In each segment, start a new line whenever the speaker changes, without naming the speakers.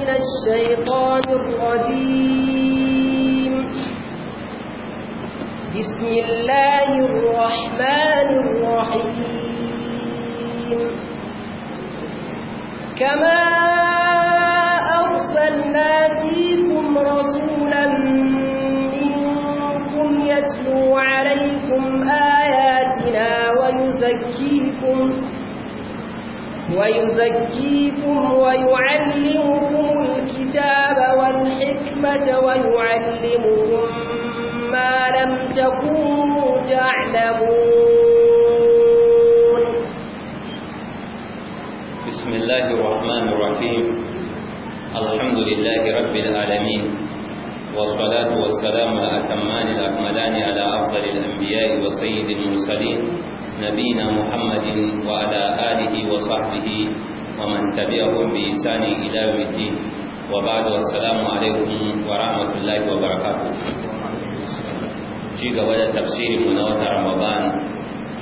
من الشيطان الرجيم بسم الله الرحمن الرحيم كما أرسلنا فيكم رسولا منكم يتلو عليكم آياتنا ويزكيكم ويزكيكم ويعلمكم الكتاب والحكمة ويعلمكم ما لم تكونوا تعلمون
بسم الله الرحمن الرحيم الحمد لله رب العالمين والصلاة والسلام الأتمان الأكملان على أفضل الأنبياء وسيد المرسلين نبينا محمد وعلى آله وصحبه ومن تبعهم بإحسان إلى يوم الدين وبعد والسلام عليكم ورحمة الله وبركاته
شيء قبل تفسير منوة رمضان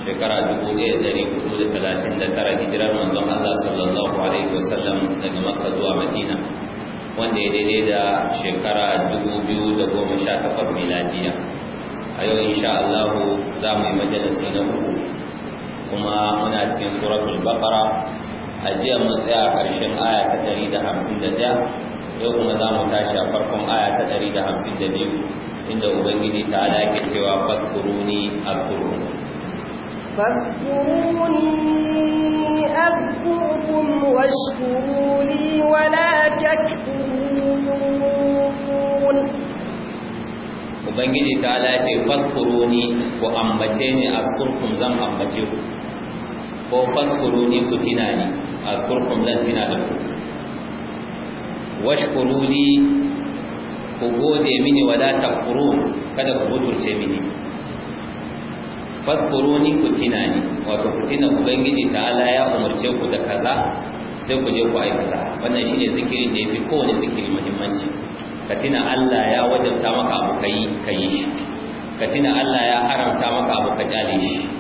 شكرا دقوة ذري قدود ثلاثين لترى هجرة من الله صلى الله عليه وسلم لما صدوا مدينة wanda ya daidai da shekara dubu biyu da goma sha takwas miladiya a yau insha Allah za mu yi majalisi na uku kuma muna cikin suratul baqara a jiya mun tsaya karshen aya ta 151 yau kuma za mu tashi a farkon aya ta 152 inda ubangiji ta ala ke cewa fadkuruni abkuruni
fadkuruni abkurukum washkuruni wala takfurun
ubangiji ta ala ce fadkuruni ku ambace ni abkurkum zan ambace ku ko fankuru ni ku tina ni a kurkun zan tina da ku washkuru ni ku gode mini wala takfuru kada ku mutunce mini fadkuru ni ku tina ni wato ku tina ubangiji ala ya umarce ku da kaza sai ku je ku aikata wannan shine zikirin da yafi kowane zikiri muhimmanci ka tina Allah ya wajabta maka abu kai kai shi ka tina Allah ya haramta maka abu ka dale shi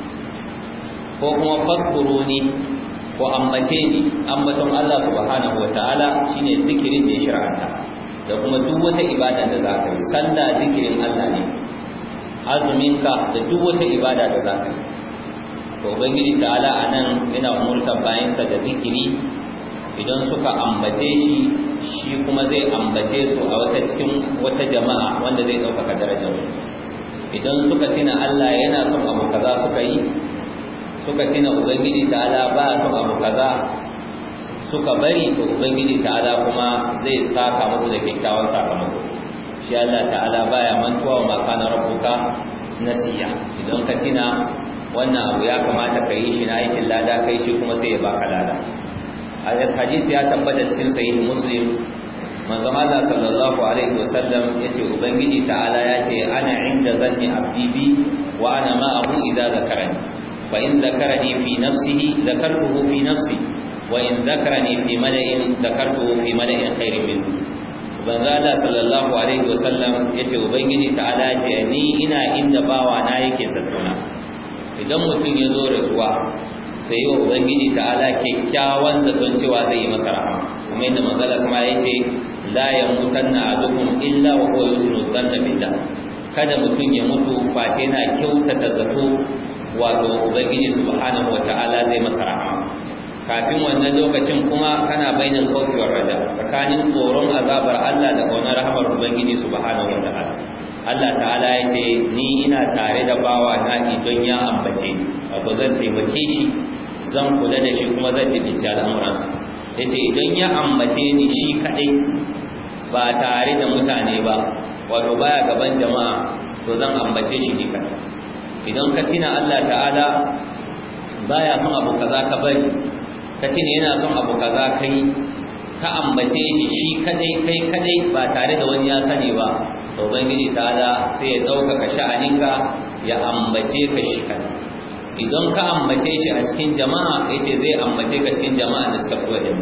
ko kuma ne ko ambace ni ambaton Allah subhanahu wataala shine zikirin da ya shar'anta da kuma duk wata ibada da za ka yi sallah zikirin Allah ne ka da duk wata ibada da za ka yi to ubangiji ala anan yana umurtar bayansa da zikiri idan suka ambace shi shi kuma zai ambace su a wata cikin wata jama'a wanda zai ɗaukaka darajar idan suka tina Allah yana son abu kaza suka yi suka tina ubangiji ta'ala ba su abu kaza suka bari to ubangiji ta'ala kuma zai saka musu da kyakkyawan sakamako shi Allah ta'ala baya mantuwa wa makana rabbuka nasiya idan ka tina wannan abu ya kamata ka yi shi na aikin lada kai shi kuma sai ya baka lada hadisi ya tabbata cikin sahih muslim manzon Allah sallallahu alaihi wasallam yace ubangiji ta'ala yace ana inda zanni abdi bi wa ana ma'ahu idza zakarani فإن ذكرني في نفسه ذكرته في نفسي وإن ذكرني في ملئ ذكرته في ملئ خير منه banza Allah sallallahu alaihi wasallam yace ubangiji ta'ala ce ni ina inda bawa na yake sattuna idan mutum ya zo rasuwa sai wa ubangiji ta'ala kyakkyawan zaton cewa zai yi masa rahama kuma inda manzo Allah sama yace la yamutanna adukum illa wa huwa yusinu dhanna billah kada mutum ya mutu face na kyautata zato wato ubangiji subhanahu wataala zai masa rahama kafin wannan lokacin kuma kana bainal khawfi wa raja tsakanin tsoron azabar Allah da kuma rahamar ubangiji subhanahu wataala Allah ta'ala ya ce ni ina tare da bawa na idan ya ambace ko zan taimake shi zan kula da shi kuma zan taimaki al'amuransa yace idan ya ambace ni shi kadai ba tare da mutane ba wato baya gaban jama'a to zan ambace shi ni kadai idan ka tina Allah ta'ala baya son abu kaza ka bari ka tina yana son abu kaza kai ka ambace shi shi kadai kai kadai ba tare da wani ya sani ba to ubangiji ta'ala sai ya ɗaukaka sha'aninka ya ambace ka shi kadai idan ka ambace shi a cikin jama'a yace zai ambace ka cikin jama'a da suka fi wajen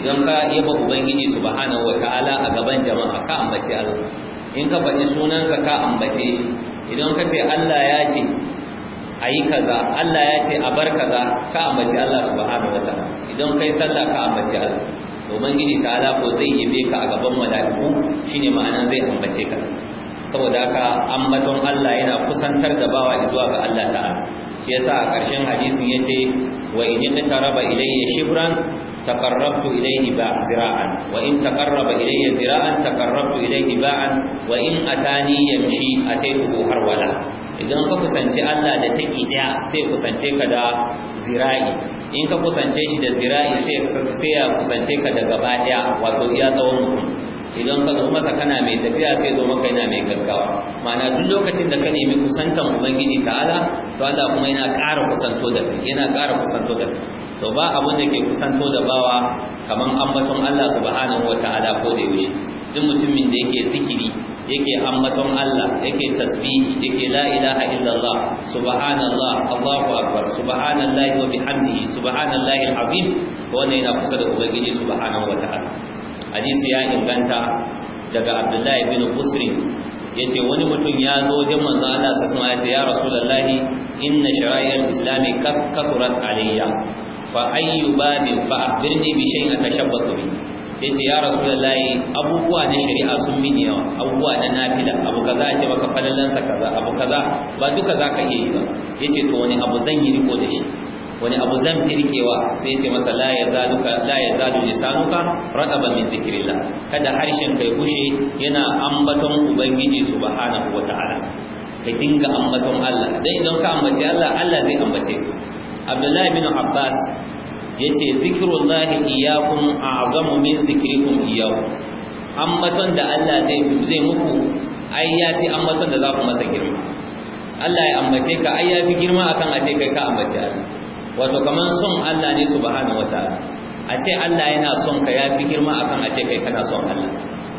idan ka yaba ubangiji subhanahu wataala a gaban jama'a ka ambace Allah in ka faɗi sunansa ka ambace shi idan ka ce Allah ya ce a yi kaza Allah ya ce a bar kaza ka ambaci Allah da ta idan kai sallah ka ambaci Allah domin gini ta ala zai yi ka a gaban mala'iku shine ma'anan zai ambace ka saboda haka ambaton Allah yana kusantar da bawa zuwa ga Allah ta'ala shi yasa a ƙarshen hadisin ce wa ta raba ilayya shibran تقربت إليه ذراعا وإن تقرب إلي ذراعا تقربت إليه باعا وإن أتاني يمشي أتيته هرولا idan ka kusance Allah da ta daya sai kusance ka da zira'i in ka kusance shi da zira'i sai ya kusance ka da gaba daya wato ya tsawon mutum idan ka zo masa kana mai tafiya sai zo maka yana mai gaggawa ma'ana duk lokacin da ka nemi kusantan ubangiji ta'ala to Allah kuma yana ƙara kusanto da kai yana ƙara kusanto da kai to ba abin da ke kusanto da bawa kamar ambaton Allah subhanahu wataala ko da yaushe duk mutumin da yake zikiri yake ambaton Allah yake tasbihi yake la ilaha illallah subhanallah allahu akbar subhanallahi wa bihamdihi subhanallahi alazim wannan yana kusa da ubangiji subhanahu wataala hadisi ya inganta daga Abdullahi bin Busri yace wani mutum ya zo wajen manzo Allah sallallahu alaihi wasallam ya ce ya rasulullahi inna shara'ir islami kasurat alayya fa ayyu babin fa akhbirni bi shay'in atashabbathu bi yace ya rasulullahi abubuwa na shari'a sun mini yawa abubuwa na nafila abu kaza a ce maka falalan sa kaza abu kaza ba duka zaka iya yi ba yace to wani abu zan yi riko da shi wani abu zan firkewa sai yace masa la yazaluka la sanuka, lisanuka raqaba min zikrillah kada harshen kai kushe yana ambaton ubangiji subhanahu wataala ka dinga ambaton Allah dan idan ka ambace Allah Allah zai ambace abdullahi bin abbas ya ce, yace zikrullahi iyyakum a'zamu min zikrikum iyyahu ammaton da Allah zai zai muku ai ya fi ammaton da za ku masa girma Allah ya ambace ka ai ya fi girma akan a ce kai ka ambace Allah wato kamar son Allah ne subhanahu wata a ce Allah yana son ka ya fi girma akan a ce kai kana son Allah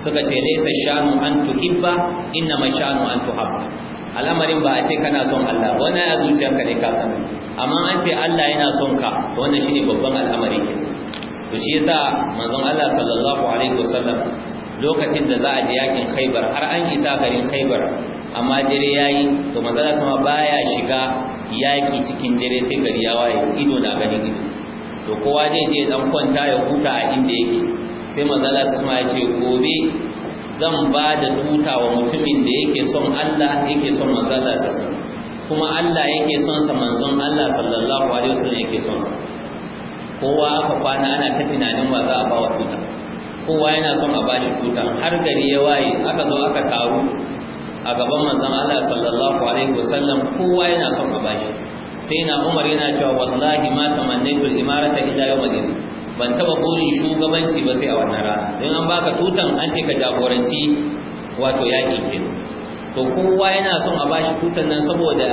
suka ce laysa shanu an tuhibba inna ma shanu an tuhabba al'amarin ba a ce kana son Allah wannan ya zuciyarka ne ka sani amma an ce Allah yana son ka wannan shi ne babban al'amari ke to shi yasa manzon Allah sallallahu alaihi wasallam lokacin da za a je yakin Khaibar har an isa garin Khaibar amma dare yayi to manzon Allah sama baya shiga yaki cikin dare sai gari ya waye ido na gani ido to kowa zai je dan kwanta ya huta a inda yake sai manzon Allah sama ya ce gobe zan ba da tuta wa mutumin da yake son Allah yake son manzala sa kuma Allah yake son sa manzon Allah sallallahu alaihi wasallam yake son sa kowa aka kwana ana ta tunanin wa za a ba wa tuta kowa yana son a bashi tuta har gari ya waye aka zo aka taru a gaban manzon Allah sallallahu alaihi wasallam kowa yana son a bashi sai na Umar yana cewa wallahi ma tamannaytu al-imarata illa yawm al ban taba burin shugabanci ba sai a wannan rana don an baka tutan an ce ka jagoranci wato yaƙi kenan to kowa yana son a bashi tutan nan saboda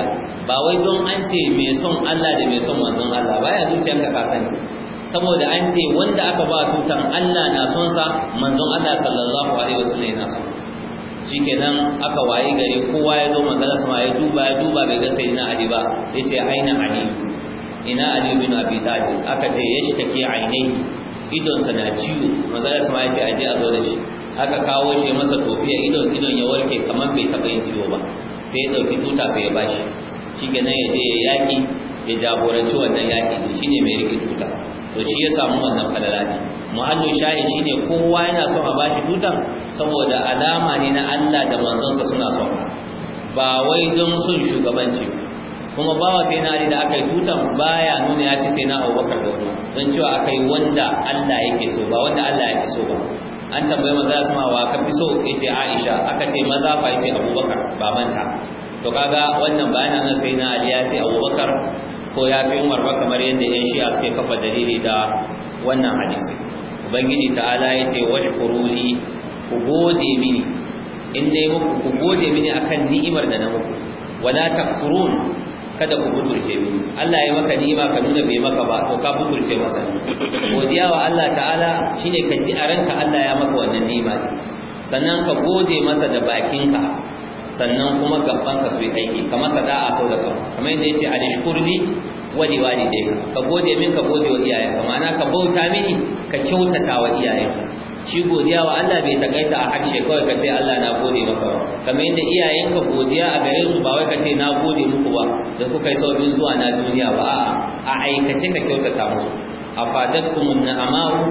ba wai don an ce mai son Allah da mai son manzon Allah baya zuciyarka ka sani saboda an ce wanda aka ba tutan Allah na son sa manzon Allah sallallahu alaihi wasallam yana son shikenan aka waye gare kowa ya zo magana sama ya duba ya duba bai ga sayyidina Ali ba yace aina Ali ina ali bin abi talib aka ce ya shitake idon sa na ciwo ya sama ya ce aje a zo da shi aka kawo shi masa tofiya idon idon ya warke kamar bai taba yin ciwo ba sai ya ɗauki tuta sai ya bashi shi ya je ya yaki ya jagoranci wannan yaki. shi ne mai rike tuta to shi ya samu wannan falala ne muhallu shine kowa yana son a bashi tutan saboda alama ne na Allah da sa suna son ba wai don sun shugabanci ba kuma bawa sai na da aka yi tutan baya nuna ya ce sai na abubakar da don cewa aka yi wanda allah yake so ba wanda allah ya so ba an tambayi maza ya sama wa ka fi so ya ce aisha aka ce maza fa ya ce abubakar ba manta to kaga wannan bayanan na sai na ali ya ce abubakar ko ya fi umar ba kamar yadda yan a suke kafa dalili da wannan hadisi ubangiji ta'ala ya ce washkuruli ku gode mini in dai muku ku gode mini akan ni'imar da na muku wala takfurun kada ku buturce mu Allah ya maka ni'ma ka nuna bai maka ba to ka buturce masa godiya wa Allah ta'ala shine ka ji a ranka Allah ya maka wannan nima sannan ka gode masa da bakinka sannan kuma gabanka su yi aiki ka masa da'a sau da kamar yadda yace alishkurni wa liwalidayka ka gode min ka gode wa ka ma'ana ka bauta mini ka kyautata wa iyayenka shi godiya wa Allah bai takaita a harshe kawai ka ce Allah na gode maka ba kamar yadda iyayenka godiya a gare su ba wai ka ce na gode muku ba da kuka yi saurin zuwa na duniya ba a'a a aikace ka kyautata musu na an'amahu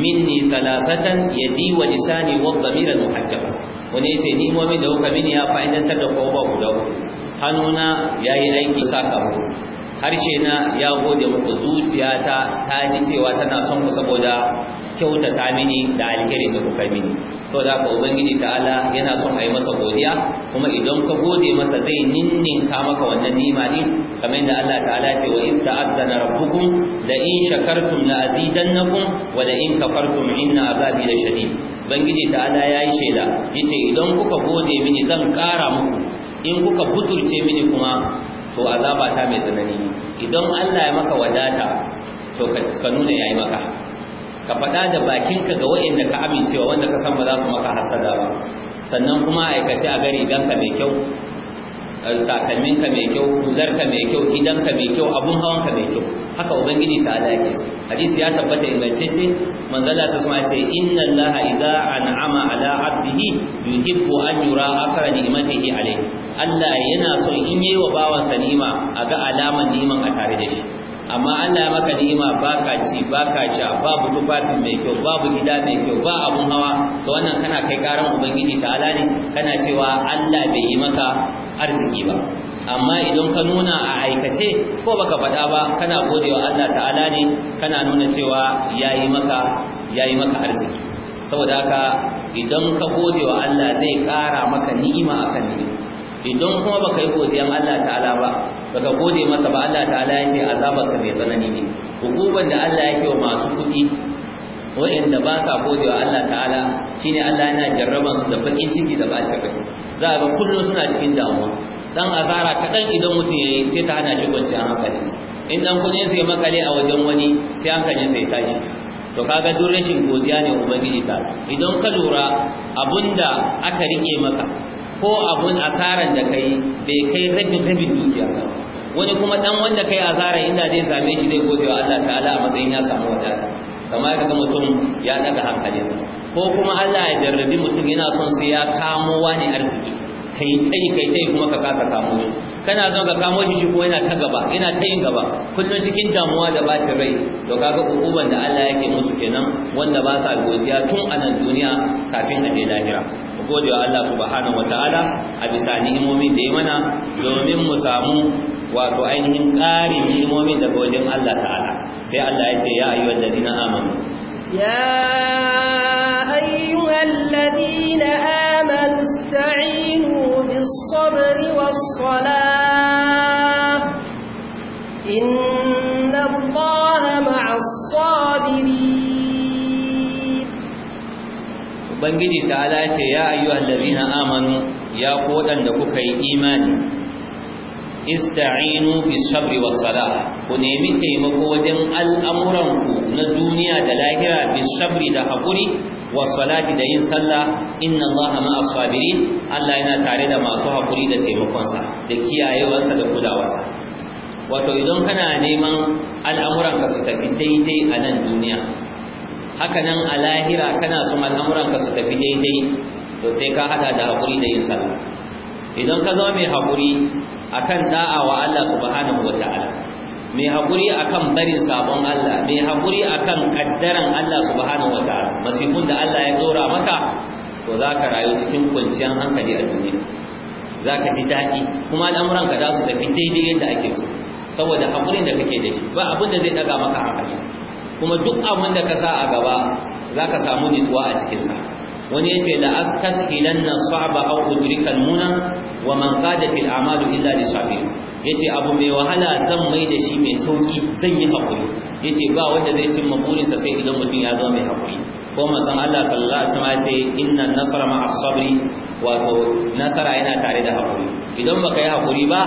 minni ya di wa nisani wa dhamira muhajjab wani ce ni mu'min da kuka mini ya fa'idantar da kowa guda hannuna yayi aiki saka mu harshe na ya gode muku zuciyata ta ji cewa tana son ku saboda kyautata mini da alkhairi da kuka mini so da ka ubangiji ta'ala yana son a yi masa godiya kuma idan ka gode masa zai ninninka maka wannan nima din kamar yadda Allah ta'ala ce wa in ta'azzana rabbukum da in shakartum la azidannakum wa la in kafartum inna azabi la shadid ubangiji ta'ala yayi shela yace idan kuka gode mini zan kara muku in kuka butulce mini kuma to azaba ta mai tsanani idan Allah ya maka wadata to ka nuna yayi maka ka faɗa da bakinka ga waɗanda ka amincewa wanda ka san ba za su maka hasada ba sannan kuma aikace a gari ganka mai kyau takalminka mai kyau hularka mai kyau idanka mai kyau abun hawanka mai kyau haka ubangiji ta ala yake su hadisi ya tabbata ingantacce manzala sa ya ce inna allaha idza an'ama ala abdihi yuhibbu an yura athara ni'matihi alayhi Allah yana so in yi wa bawansa ni'ima a ga alaman ni'iman a tare da shi amma Allah ya maka ni'ima baka ci baka sha babu tufafi mai kyau babu gida mai kyau ba abun hawa to wannan kana kai karan ubangiji ta'ala ne kana cewa Allah bai yi maka arziki ba amma idan ka nuna a aikace ko baka faɗa ba kana godewa Allah ta'ala ne kana nuna cewa yayi maka yayi maka arziki saboda haka idan ka godewa Allah zai kara maka ni'ima akan ni'ima idan kuma baka yi godiyan Allah ta'ala ba baka gode masa ba Allah ta'ala ya ce azabarsa mai tsanani ne hukuban da Allah yake wa masu kuɗi wa'inda ba sa gode Allah ta'ala shine Allah yana jarraba su da bakin ciki da shi rai za ga kullum suna cikin damuwa dan azara kaɗan idan mutum ya yi sai ta hana shi kwanciyar hankali in dan kuɗi sai makale a wajen wani sai hankalin sai tashi to kaga duk rashin godiya ne ubangiji ta idan ka lura abunda aka rike maka ko abun asaran da kai bai kai rabin rabin dukiya wani kuma dan wanda kai azara inda zai same shi zai gode wa Allah ta'ala a matsayin ya samu wadata kamar yadda mutum ya daga hankalinsa ko kuma Allah ya jarrabi mutum yana son sai ya kamo wani arziki kai tai kai tai kuma ka kasa kamo shi kana son ka kamo shi shi ko yana ta gaba yana ta yin gaba Kullum cikin damuwa da bacin rai to kaga ukuban da Allah yake musu kenan wanda ba sa godiya tun a nan duniya kafin a je lahira gode wa Allah subhanahu wataala a bisa ni'imomin da yi mana domin mu samu wato ainihin ƙarin ni'imomin daga wajen Allah ta'ala sai Allah ya ce ya ayyuhal ladina amanu
ya ayyuhal ladina amanu ista'inu bis sabri was salah inna Allaha ma'as sabirin
ubangiji ta'ala ce ya ayyuhal amanu ya ku wadanda kuka yi imani ista'inu bis sabri was salah ku nemi taimako wajen al'amuran ku na duniya da lahira bis sabri da hakuri was salati da yin sallah inna allaha ma'as sabirin Allah yana tare da masu hakuri da taimakonsa da kiyayewarsa da kulawarsa wato idan kana neman al'amuran ka su tafi daidai a nan duniya haka nan a lahira kana son al'amuranka su tafi daidai to sai ka hada da haƙuri da yin sallah idan ka zama mai haƙuri akan da'a wa Allah subhanahu wata'ala mai haƙuri akan barin sabon Allah mai haƙuri akan kaddaran Allah subhanahu wata'ala masifun da Allah ya dora maka to za ka rayu cikin kwanciyar hankali a duniya za ka ji daɗi kuma al'amuranka za su tafi daidai yadda ake so saboda haƙurin da kake da shi ba abin da zai ɗaga maka hankali kuma duk abin da ka sa a gaba zaka samu nutsuwa a cikin sa wani yace la na sa'ba aw udrika almuna wa man qada fil a'mal illa li sabir yace abu mai wahala zan mai da shi mai sauki zan yi hakuri yace ba wanda zai cimma burinsa sai idan mutum ya zama mai hakuri ko manzon Allah sallallahu alaihi wasallam ce inna nasara ma'as sabri wato nasara yana tare da hakuri idan baka yi hakuri ba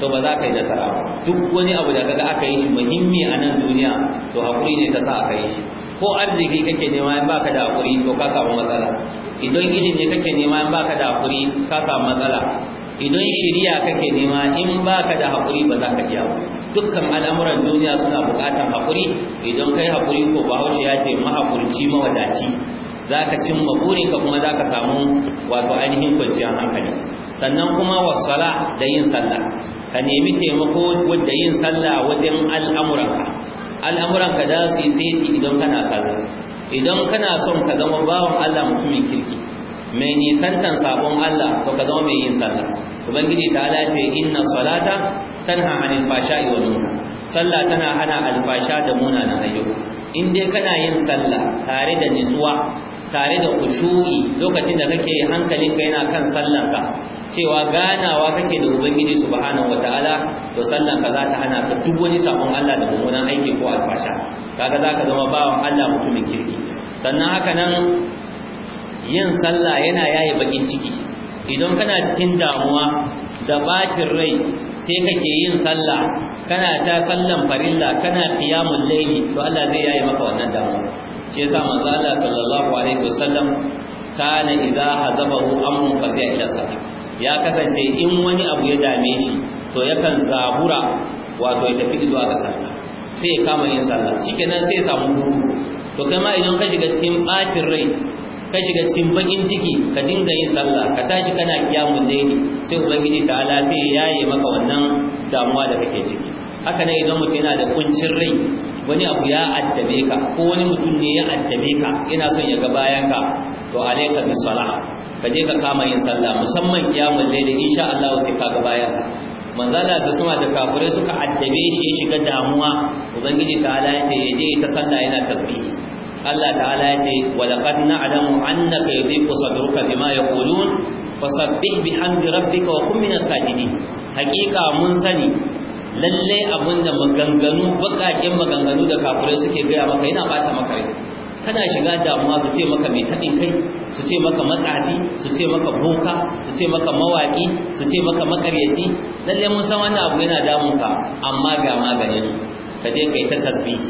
to ba za ka yi nasara ba duk wani abu da kaga aka yi shi muhimmi a nan duniya to hakuri ne ta sa aka yi shi ko arziki kake nema in baka da hakuri to ka samu matsala idan ilimi kake nema in baka da hakuri ka samu matsala idan shiriya kake nema in baka da hakuri ba za ka iya ba dukkan al'amuran duniya suna buƙatar hakuri idan kai hakuri ko bahaushe ya ce mahakurci mawadaci za ka cimma ka kuma za ka samu wato ainihin kwanciyar hankali sannan kuma wasala da yin sallah ka nemi taimako wadda yin sallah wajen al'amuranka al'amuranka za su yi saiti idan kana sallah idan kana son ka zama bawan Allah mutumin kirki mai nisantan sabon Allah to ka zama mai yin sallah ubangiji ta ala ce inna salata tanha anil fashai wal munkar sallah tana hana alfasha da munanan ayyuka in dai kana yin sallah tare da nitsuwa tare da kushu'i lokacin da kake hankalinka yana kan sallarka. cewa ganawa kake da ubangiji subhanahu wataala to sallan ka za ta hana ka duk wani sabon Allah da mummunan aiki ko alfasha kaga ka zama bawan Allah mutumin kirki sannan haka nan yin sallah yana yaye bakin ciki idan kana cikin damuwa da bacin rai sai kake yin sallah kana ta sallan farilla kana qiyamul layli to Allah zai yaye maka wannan damuwa shi yasa manzo Allah sallallahu alaihi wasallam kana idza hazabahu amrun fazi'a ila sallah ya kasance in wani abu ya dame shi to yakan zabura wato ya tafi zuwa ga sallah sai ya kama yin sallah shikenan sai ya samu hutu to kai ma idan ka shiga cikin bacin rai ka shiga cikin bakin ciki ka dinga yin sallah ka tashi kana kiyamun daidai sai ubangiji ala sai ya yaye maka wannan damuwa da kake ciki haka nan idan mutum yana da kuncin rai wani abu ya addabe ka ko wani mutum ne ya addabe ka yana son ya ga bayan ka to alayka bis ka je ka kama yin sallah musamman ya mulle da insha Allah sai ka ga bayan sa manzala suma da kafirai suka addabe shi ya shiga damuwa ubangiji ta'ala ya ce yaje ta sallah yana tasbihi Allah ta'ala ya ce wa laqad na'lamu annaka yadhiqu sadruka bima yaqulun fasabbih bihamdi rabbika wa kun minas sajidin haqiqa mun sani lalle abinda maganganu bakakin maganganu da kafirai suke gaya maka yana bata maka rai kana shiga damuwa su ce maka mai taɗin kai su ce maka matsafi su ce maka boka su ce maka mawaƙi su ce maka makaryaci lallai mun san wannan abu yana damunka amma ga maganin ka je ka yi ta tasbihi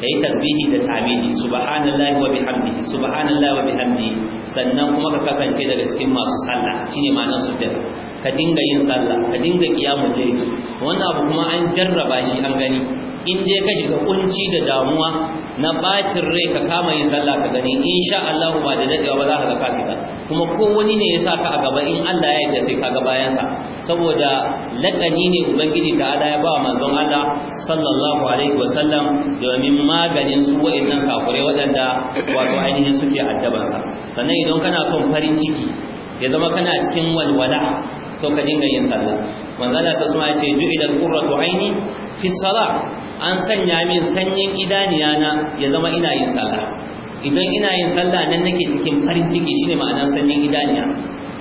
ka yi tasbihi da tamidi subhanallahi wa bihamdihi subhanallahi wa bihamdihi sannan kuma ka kasance daga cikin masu sallah shine ma'anar sujjada ka dinga yin sallah ka dinga qiyamul layl wannan abu kuma an jarraba shi an gani in dai ka shiga kunci da damuwa na bacin rai ka kama yin sallah ka gani insha Allah ba da dadewa ba za ka ga kafita kuma ko wani ne ya ka a gaba in Allah ya yarda sai ka ga bayan sa saboda lakani ne ubangiji ta Allah ya ba manzon Allah sallallahu alaihi wasallam domin maganin su wa'annan kafure waɗanda wato ainihin suke addaban sa sannan idan kana son farin ciki ya zama kana cikin walwala to ka dinga yin sallah manzon Allah sallallahu alaihi wasallam ya ce ju'ilal qurratu aini fi salat an sanya min sanyin idaniyana ya zama ina yin sallah idan ina yin sallah nan nake cikin farin ciki shine ma'anar sanyin idaniya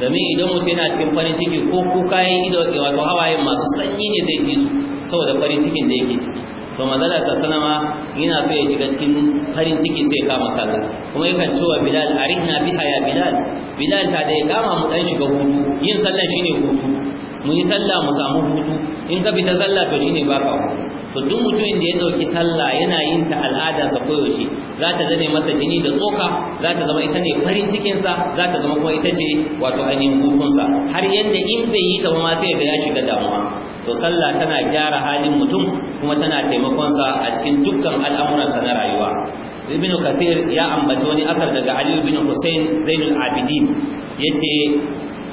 domin idan mutum yana cikin farin ciki ko kuka yin ido wato hawaye masu sanyi ne zai ji su saboda farin cikin da yake ciki to manzala sanama yana so ya shiga cikin farin ciki sai kama sallah kuma yakan cewa bilal arihna biha ya bilal bilal ta da ya kama mu dan shiga hudu yin sallah shine hudu mu yi sallah mu samu hutu in ka fita sallah to shine baka hutu to duk mutumin da ya dauki sallah yana yin ta al'ada sa koyaushe za ta zame masa jini da tsoka za ta zama ita ne farin cikin sa za ta zama kuma ita ce wato ainihin hutun sa har yanda in bai yi ta ma sai ga ya shiga damuwa to sallah tana gyara halin mutum kuma tana taimakon sa a cikin dukkan al'amuransa na rayuwa ibn kasir ya ambato wani akar daga ali ibn husain zainul abidin yace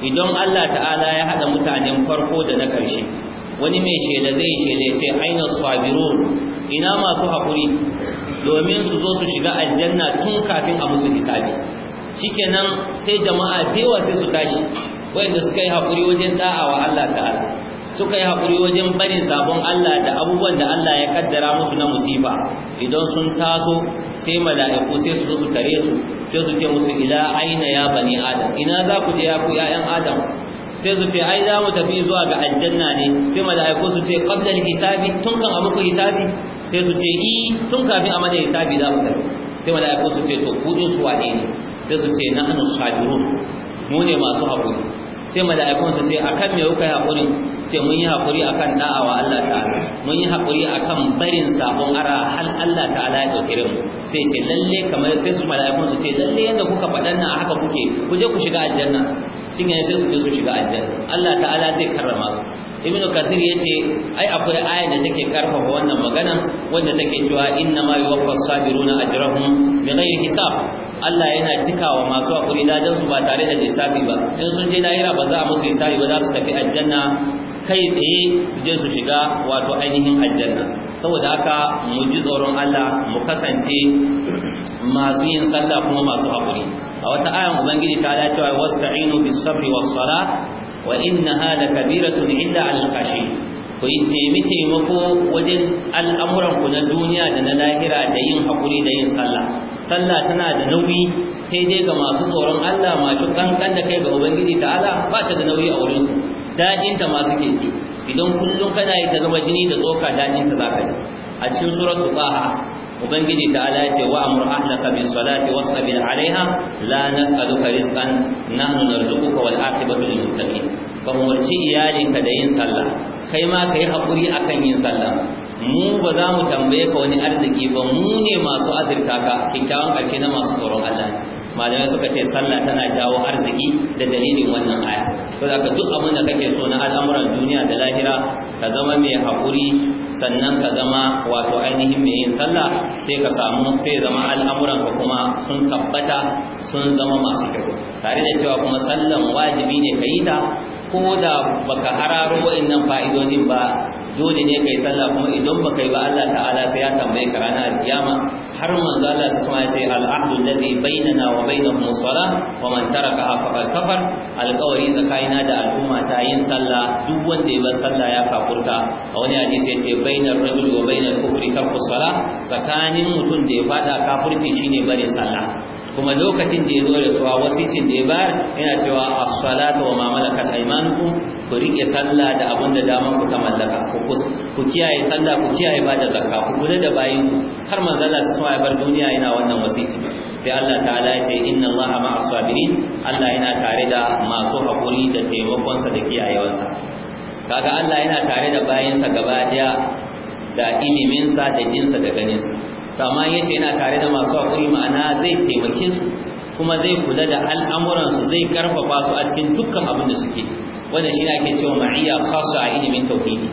idan Allah ta'ala ya hada mutanen farko da na karshe wani mai shaida zai shela ce aina sabirun ina masu hakuri domin su zo su shiga aljanna tun kafin a musu hisabi shikenan sai jama'a bewa sai su tashi wanda suka yi hakuri wajen da'awa Allah ta'ala suka yi haƙuri wajen barin sabon Allah da abubuwan da Allah ya kaddara musu na musiba idan sun taso sai mala'iku sai su su kare su sai su ce musu ila aina ya bani adam ina za ku je ya ku ya'yan adam sai su ce ai za mu tafi zuwa ga aljanna ne sai mala'iku su ce qabla hisabi tun kan a muku hisabi sai su ce i tun kafin a mana hisabi za mu tafi sai mala'iku su ce to din su wane ne sai su ce na anu sabirun mu ne masu haƙuri sai mala'ikun su ce akan me kuka hakuri ce mun yi hakuri akan da'a wa Allah ta'ala mun yi hakuri akan barin sabon ara hal Allah ta'ala ya dauke mu sai ce lalle kamar sai su mala'ikun su ce lalle yanda kuka faɗan nan haka kuke ku je ku shiga aljanna shin yayin sai su je su shiga aljanna Allah ta'ala zai karrama su ibn kathir yace ai akwai aya da take karfafa wannan magana wanda take cewa inna ma yuwaffa sabiruna ajrahum bighayri hisab Allah yana cikawa masu hakuri dadan su ba tare da lissafi ba in sun je lahira ba za a musu hisabi ba za su tafi aljanna kai tsaye su je su shiga wato ainihin aljanna saboda haka mu ji tsoron Allah mu kasance masu yin sallah kuma masu hakuri a wata ayan ubangiji ta dace wa wasta'inu bis sabri was sala wa innaha lakabiratun illa al qashi ku yi nemi taimako wajen al'amuran ku na duniya da na lahira da yin hakuri da yin sallah sallah tana da nauyi sai dai ga masu tsoron Allah masu kankan da kai ga ubangiji ta'ala ba ta da nauyi a wurin su dadin ta masu ke ji idan kullum kana yi ta zama jini da tsoka dadin ta zaka ji a cikin suratul baha ubangiji ta'ala ya ce wa amur ahlaka bis salati wasbir alaiha la nas'aluka rizqan nahnu narzuquka wal aqibatu lil muttaqin kamar ci iyali ka da yin sallah kai ma kai hakuri akan yin sallah mu ba za mu tambaye ka wani arziki ba mu ne masu azurta ka kikkiawan ƙarshe na masu tsoron Allah malamai suka ce sallah tana jawo arziki da dalilin wannan aya to da ka duk abin da kake so na al'amuran duniya da lahira ka zama mai haƙuri sannan ka zama wato ainihin mai yin sallah sai ka samu sai zama al'amuran ka kuma sun tabbata sun zama masu kyau tare da cewa kuma sallan wajibi ne ka yi ta ko da baka hararo wa'annan fa'idodin ba dole ne kai sallah kuma idan baka yi ba Allah ta'ala sai ya tambaye ka ranar alkiyama har manzo Allah sai ya ce al'ahdu alladhi bainana wa bainahum salah wa man taraka faqad kafar alqawari tsakanina da al'umma ta yin sallah duk wanda ya bar sallah ya kafurta a wani hadisi yace bainar rajul wa bainal kufri tarku salah tsakanin mutum da ya fada kafurci shine barin sallah kuma lokacin da ya zo da suwa wasicin da ya bayar yana cewa as-salatu wa ma malakat aymanukum ku rike sallah da abin da dama ku ta mallaka ku ku kiyaye sallah ku kiyaye ba da zakka ku kula da bayin ku har manzo Allah su bar duniya yana wannan wasici sai Allah ta'ala ya ce inna Allah ma'as sabirin Allah yana tare da masu hakuri da taimakon sa da kiyayewarsa kaga Allah yana tare da bayansa gaba daya da iliminsa da jinsa da ganinsa to amma yace yana tare da masu hakuri ma'ana zai taimake su kuma zai kula da al'amuran su zai karfafa su a cikin dukkan abin da suke wannan shi ake cewa ma'iyya khassa a ilimin tauhidi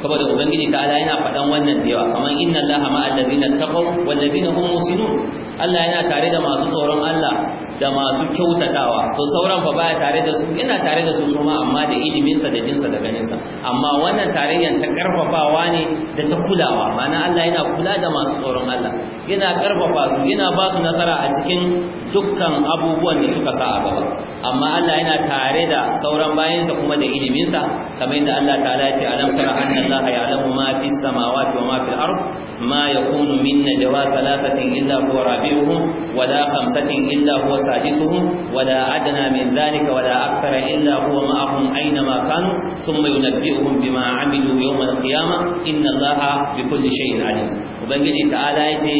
saboda ubangiji ta Allah yana faɗan wannan da yawa kamar inna allaha ma'a allazina taqaw wal hum musinun Allah yana tare da masu tsoron Allah da masu kyautatawa to sauran fa baya tare da su yana tare da su kuma amma da ilimin sa da jin sa da ganin sa amma wannan tarayyan ta karfafawa ne da ta kulawa mana Allah yana kula da masu tsoron Allah yana karfafa su yana ba su nasara a cikin dukkan abubuwan da suka sa a gaba amma Allah yana tare da sauran bayansa kuma da iliminsa kamar yadda Allah ta'ala ya ce alam tara anna Allah ya'lamu ma fi samawati wa ma fil ard ma yakunu min najwa thalathatin illa huwa rabi'uhum wa la khamsatin illa huwa sadisuhum wa la adna min dhalika wa la akthara illa huwa ma'ahum aina ma kanu thumma yunabbi'uhum bima 'amilu yawm al-qiyamah inna Allah bi kulli shay'in 'alim ubangiji ta'ala ya ce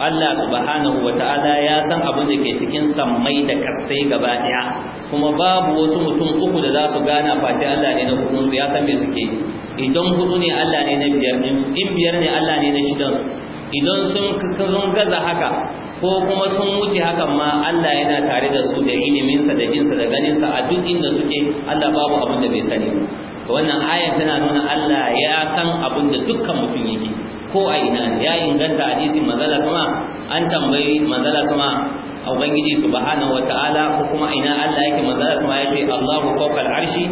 Allah subhanahu wa ta'ala ya san abin da ke cikin sammai da karsai gaba ɗaya. kuma babu wasu mutum uku da za su gana face Allah ne na hudun su ya san me suke idan hudu ne Allah ne na biyar ne in biyar ne Allah ne na shidan idan sun sun gaza haka ko kuma sun wuce hakan ma Allah yana tare da su da iliminsa da jinsa da ganinsa a duk inda suke Allah babu abin da bai sani wannan ayan tana nuna Allah ya san abin da dukkan mutum yake ko a ina ya inganta hadisi manzala sama an tambayi manzala sama a ubangiji subhanahu wataala ko kuma ina Allah yake manzala sama ya ce Allahu fawqa al-arshi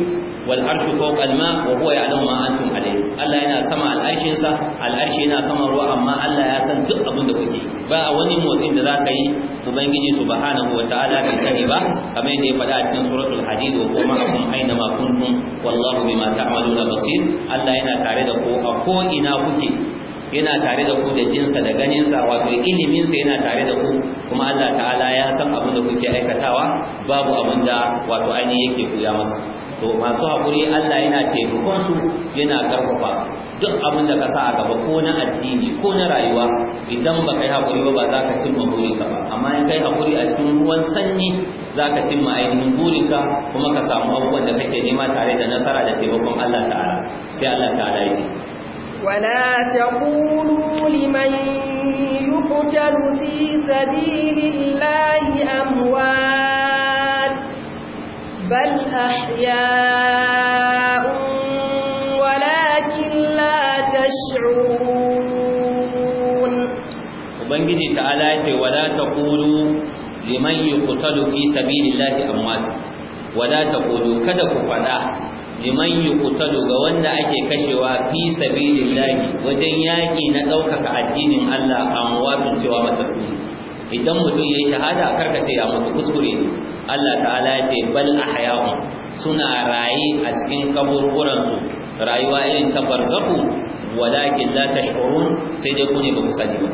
wal arshu fawqa al-ma wa huwa ya'lamu ma antum alayhi Allah yana sama al-arshin sa al-arshi yana sama ruwa amma Allah ya san duk abin da kuke ba wani motsin da zaka yi ubangiji subhanahu wataala bai sani ba kamar yadda ya faɗa a cikin suratul hadid wa kuma akum aina ma kuntum wallahu bima ta'maluna basir Allah yana tare da ku a ko ina kuke yana tare da ku da jinsa da ganinsa wato iliminsa yana tare da ku kuma Allah ta'ala ya san abin da kuke aikatawa babu abin da wato ainihin yake kuya masa to masu haƙuri Allah yana taimakon su yana karfafa duk abin da ka sa a gaba ko na addini ko na rayuwa idan ba kai haƙuri ba ba za ka cimma burinka ba amma in kai haƙuri a cikin ruwan sanyi za ka cimma ainihin burinka kuma ka samu abubuwan da kake nema tare da nasara da taimakon Allah ta'ala sai Allah ta'ala ya ce
ولا تقولوا لمن يقتل في سبيل الله أموات بل أحياء ولكن لا تشعرون
وبنجي تعالى ولا تقولوا لمن يقتل في سبيل الله أموات ولا تقولوا كذا كفدا liman yuqtalu ga wanda ake kashewa fi sabilillahi wajen yaki na daukaka addinin Allah amwatun cewa matarku idan mutum yayi shahada karkace ya mutu kuskure Allah ta'ala ya ce bal ahya'un suna rayi a cikin kaburburan su rayuwa irin ta barzahu walakin la tash'urun sai dai ku ne ba ku sani ba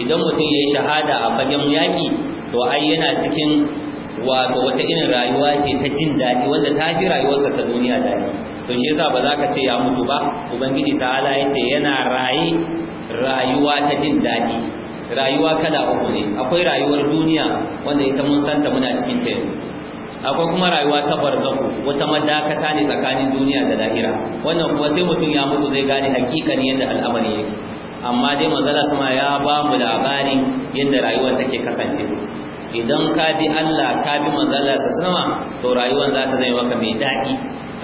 idan mutum yayi shahada a fagen yaki to ai yana cikin wato wata irin rayuwa ce ta jin daɗi wanda ta fi rayuwarsa ta duniya daɗi to shi yasa ba za ka ce ya mutu ba ubangiji ta'ala ya ce yana raye rayuwa ta jin daɗi rayuwa kala uku ne akwai rayuwar duniya wanda ita mun santa muna cikin ta akwai kuma rayuwa ta barzaku wata madakata ne tsakanin duniya da lahira wannan kuma sai mutum ya mutu zai gane hakikan yadda al'amari yake amma dai manzala sama ya ba mu labarin yadda rayuwar take kasance idan ka bi Allah ka bi manzala sa sama to rayuwar za ta zai maka mai daɗi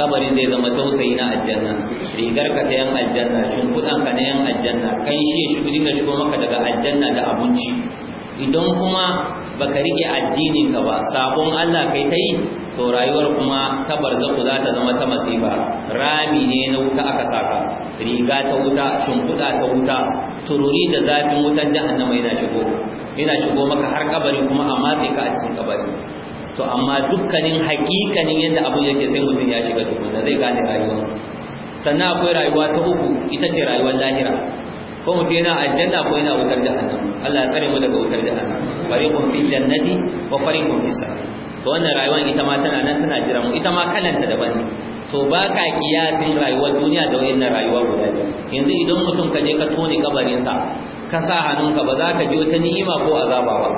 kabarin zai zama tausayi na aljanna rigar ka ta yan aljanna kudan ka na yan aljanna kan shi shi shigo da shigo maka daga aljanna da abinci idan kuma baka rike addinin ka ba sabon Allah kai ta yi to rayuwar kuma ta barzaku za ta zama ta masifa rami ne na wuta aka saka riga ta wuta shimfiɗa ta wuta tururi da zafin wutan jahannama yana shigo yana shigo maka har kabari kuma a matse ka a cikin kabari to amma dukkanin hakikanin yadda abun yake sai mutum ya shiga da zai gane rayuwa sannan akwai rayuwa ta uku ita ce rayuwar lahira ko mutum yana aljanna ko yana wutar jahannama Allah ya tsare mu daga wutar jahannam fariqun fi jannati wa fariqun fi sa'ir to wannan rayuwar ita ma tana nan tana jira mu ita ma kalanta daban ne to ba ka kiyasin rayuwar duniya da wayannan rayuwa guda biyu yanzu idan mutum ka je ka tone kabarinsa ka sa hannunka ba za ka ji wata ni'ima ko azaba ba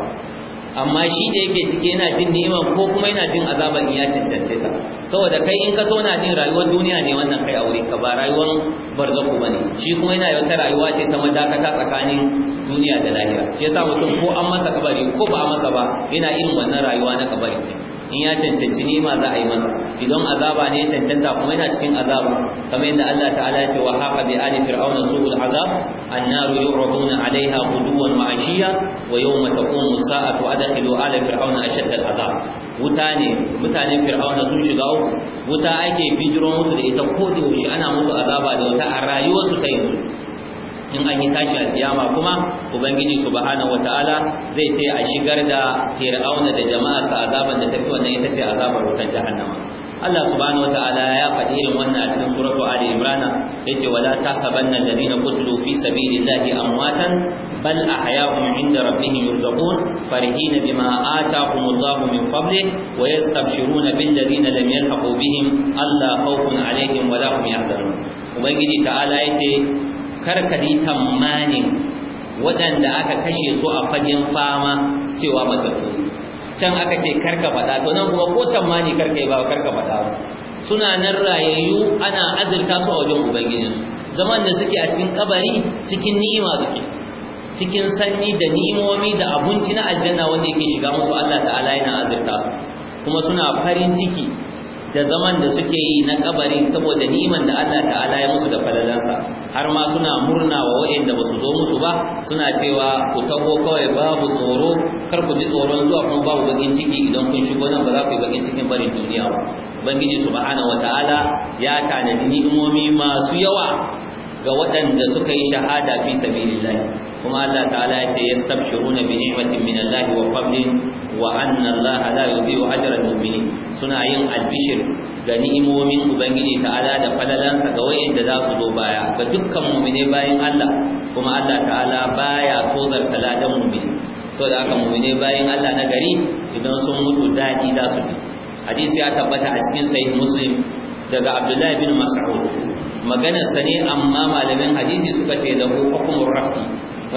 amma shi da yake cike yana jin ni'imar ko kuma yana jin azaban ya cancance ta saboda kai in ka zauna din rayuwar duniya ne wannan kai aure ka ba rayuwar barzaku ne, shi kuma yana yau ta rayuwa ce ta madakata tsakanin duniya da lahira shi yasa mutum ko an masa kabari ko ba masa ba yana irin wannan rayuwa na kabari ne in ya cancanci ma za a yi masa idan azaba ne ya cancanta kuma yana cikin azaba kamar yadda Allah ta'ala ya ce wa haqa bi ali fir'auna su'ul azab annaru yu'raduna 'alayha ghuduwan wa 'ashiya wa yawma taqumu sa'atu adkhilu ala fir'auna ashadda al'azab wuta ne mutanen fir'auna sun shiga wuta ake bijiro musu da ita ko da yaushe ana musu azaba da wuta a rayuwarsu ta yi in an yi tashi alkiyama kuma ubangiji subhanahu wataala zai ce a shigar da fir'auna da jama'a sa azaban da tafi wannan ita ce azabar wutar jahannama Allah subhanahu wataala ya faɗi irin wannan a cikin suratu Ali Imran ce wala tasabanna alladhina qutilu fi sabilillahi amwatan bal ahya'un 'inda rabbihim yurzaqun farihina bima atahumullahu min fadlihi wa yastabshiruna bil ladina lam yalhaqu bihim alla khawfun 'alayhim wa hum yahzanun ubangiji ta'ala yace yi tamanin waɗanda aka kashe su a fagen fama cewa matattu can aka ce karka faɗa to nan kuma ko tamani karka yi ba karka faɗa suna nan rayayyu ana azurta su a wajen ubangiji zaman da suke a cikin kabari cikin ni'ima suke cikin sanyi da ni'imomi da abinci na aljanna wanda yake shiga musu Allah ta'ala yana azurta kuma suna farin ciki da zaman da suke yi na kabari saboda ni'iman da Allah ta'ala ya musu da falalansa har ma suna murna wa waɗanda ba su zo musu ba suna cewa ku taho kawai babu tsoro kar ku ji tsoron zuwa kuma babu bakin ciki idan kun shigo nan ba za ku yi bakin cikin barin duniya ba ubangiji subhanahu wataala ya tanadi ni'imomi masu yawa ga waɗanda suka yi shahada fi sabilillah kuma Allah ta'ala ya ce yastabshiruna bi ni'matin min Allah wa fadlin wa anna Allah la yudhi'u ajra al-mu'minin suna yin albishir ga ni'imomin ubangiji ta'ala da falalansa ga wayanda za su zo baya ga dukkan mu'mine bayin Allah kuma Allah ta'ala baya tozar ladan mu'mini da aka mu'mine bayin Allah na gari idan sun mutu dadi za su ji hadisi ya tabbata a cikin sahih muslim daga Abdullahi bin Mas'ud maganar sa ne amma malamin hadisi suka ce da hukumur rafi